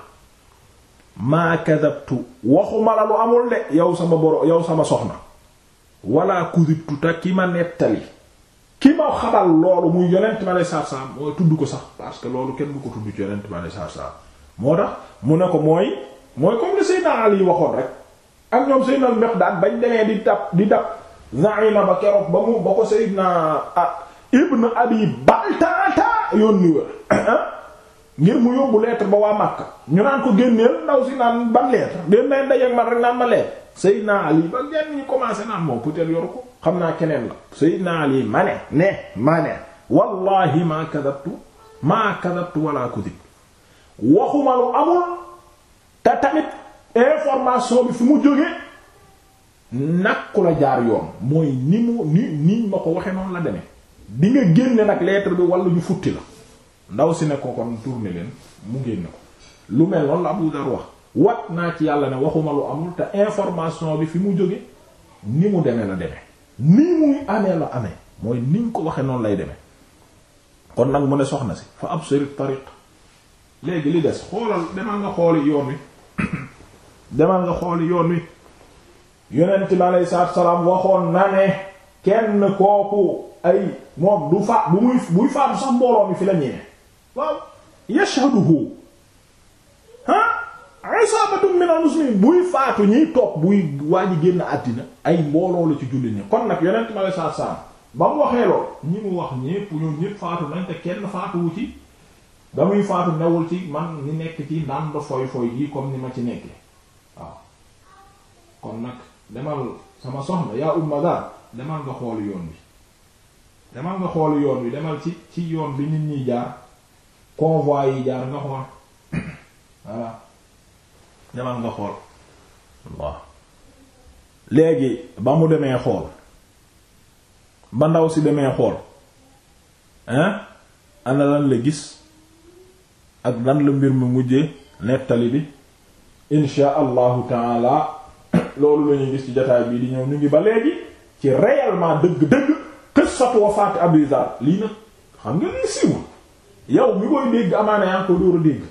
maa kadabtu waxuma la lu amul de yow sama boro yow sama soxna wala kudibtu te ki ma nettali ki ma xabal loolu muy yonent ma lay saar-saam mooy tudd ko sax parce que loolu kenn bu ko tudd ci yonent ma lay saar moo tax mu ne ko mooy mooy comme le Seydina Ali waxoon rek ak ñoom Seydina daal bañ demee di dab di dab Zaina ba keroog ba mu ba ko Seydina ah, Ibn Abi Baltata yónni wër ngir mu yóbbu lettre ba waa Makka ñu naan ko génneel ndaw si naan ban lettre dén nañ dajeeg man rek naan ma lettre Seydina Ali ba genn ñu commencé naan moom peut-être yoru ko xam naa keneen la Seydina Ali ma ne ne ma ne wallahi maa kadabtu maa kadabtu wala kudib waxuma lu amul te tamit information bi fu mu jógee nakku la jaar yoon mooy ni mu ni niñ ma ko waxe noonu la demee di génne nag lettre bi wala ñu futti la ndaw si ne ko kon tourné leen mu génn ko lu mel noonu la Abu Dar wax wat naa ci yàlla ne waxuma lu amul te information bi fi mu jóge ni mu demee la demee ni muy amee la amee mooy ni ko waxee noonu lay demee kon nag mu ne soxna si fa absir tariq léegi li des xoolal demal nga xooli yoon wi *coughs* demal nga xooli yoon wi yonent bi aleyhi salaatu salaam waxoon na ne kenn kooku ay moom du fa bu muy buy faatu sax mbooloo mi fi la ñëwee waaw yashhaduhu ah isaabatun min al-muslimin buy faatu ñi toog buy waa ji génn àddina ay mbooloo la ci julli ni kon nag yonent ma la saa saam ba waxee lool ñi mu wax ñépp ñoom ñépp faatu nañ te kenn faatuwu ci ba muy faatu newul ci man ni nekk ci ndaan da foy foy yi comme ni ma ci nekkee waaw kon nag demal sama soxna yaa umma dar demal nga xoolu yoon wi demal nga xoolu yoon bi demal ci ci yoon bi nit ñiy jaar convois yi jaar nga xool voilà demal nga xool waaw léegi ba mu demee xool ba ndaw si demee xool hein ana lan la gis ak lan la mbir mu mujjee nettali bi insha allahu taala *coughs* loolu lañuy gis ci jotaay bii di ñëw ñu ngi ba léegi ci réellement dëgg-dëgg qissatu wafaat Abizar lii nag xam nga lii siiwul yow mi koy dégg amaana yaa ko dóor a dégg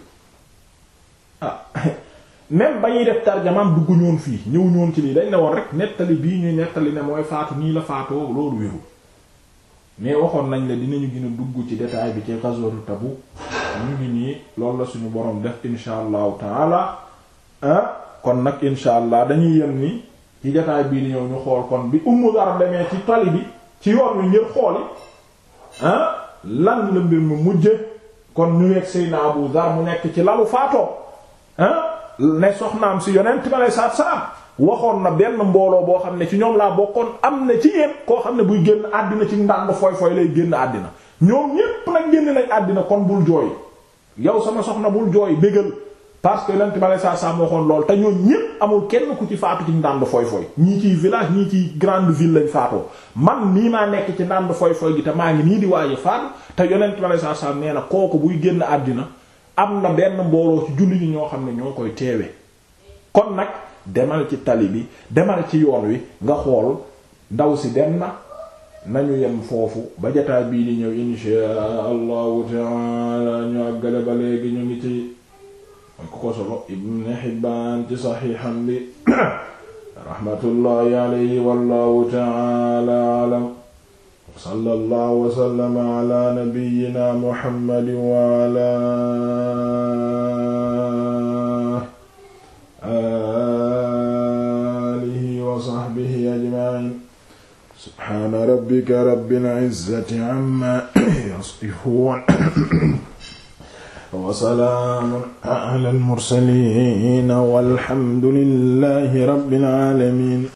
ah *laughs* ba ñuy def tarjamaam dugg ñoon fii ñëw ñoon ci lii dañ ne woon rek nettali bii ñuy nettali ne mooy faatu nii la faatoo loolu wéru mais waxoon nañ la dinañu gën dugg ci détail bi ci ghazwatu Tabuk ñu ngi nii loolu la suñu boroom def insha allahu taala ah kon nag insha allah dañuy yem ni ci détail bii di ñu xool kon bi Ummu Dar demee ci tali bi ci yoon wi ngir xooli ah, lan la mbir mu mujje kon ñu nekk Seydina Abu Dhar mu nekk ci lalu faatoo ah ne soxnaam si yonent ma lay saat salaam waxoon na benn mbooloo boo xam ne ci ñoom laa bokkoon am na ci yéen koo xam ne buy génn àddina ci ndànd fooy fooy lay génn àddina ñoom ñépp nag génn nañ àddina kon bul jooy yow sama soxna bul jooy bégal parce que yonent bi alayhi salaam waxoon lool te ñoom ñépp kenn ku ci faatu ci ndànd foy foy ñii ciy village ñii ci grande ville lañ faatoo man nii nekk ci ndànd foy foy gi te maa ngi nii di waaye faatu te yonent bi alayhi na kooku buy génn àddina am na benn mbooloo ci julli ñoo xam ne ñoo koy teewe kon nag demal ci tali bi demal ci yoon wi nga si dem na yem foofu ba jotaay bii di ñëw insha allahu taala ñu àggale ba léegi ñu ngi ci ak ko solo ibn Hibbaan ci saxiixam bi *coughs* raxmatullaahi alayhi wallaahu ta'aala a'lam wa sallallaahu wa sallama ala nabiyyina Muhammadin wa ala aalihi wa sahbihi ajma'iin subhaana rabbika rabbil izzati amma *coughs* yasifuun wasalaamun ala almursaliin walhamdulillahi rabbil aalamiin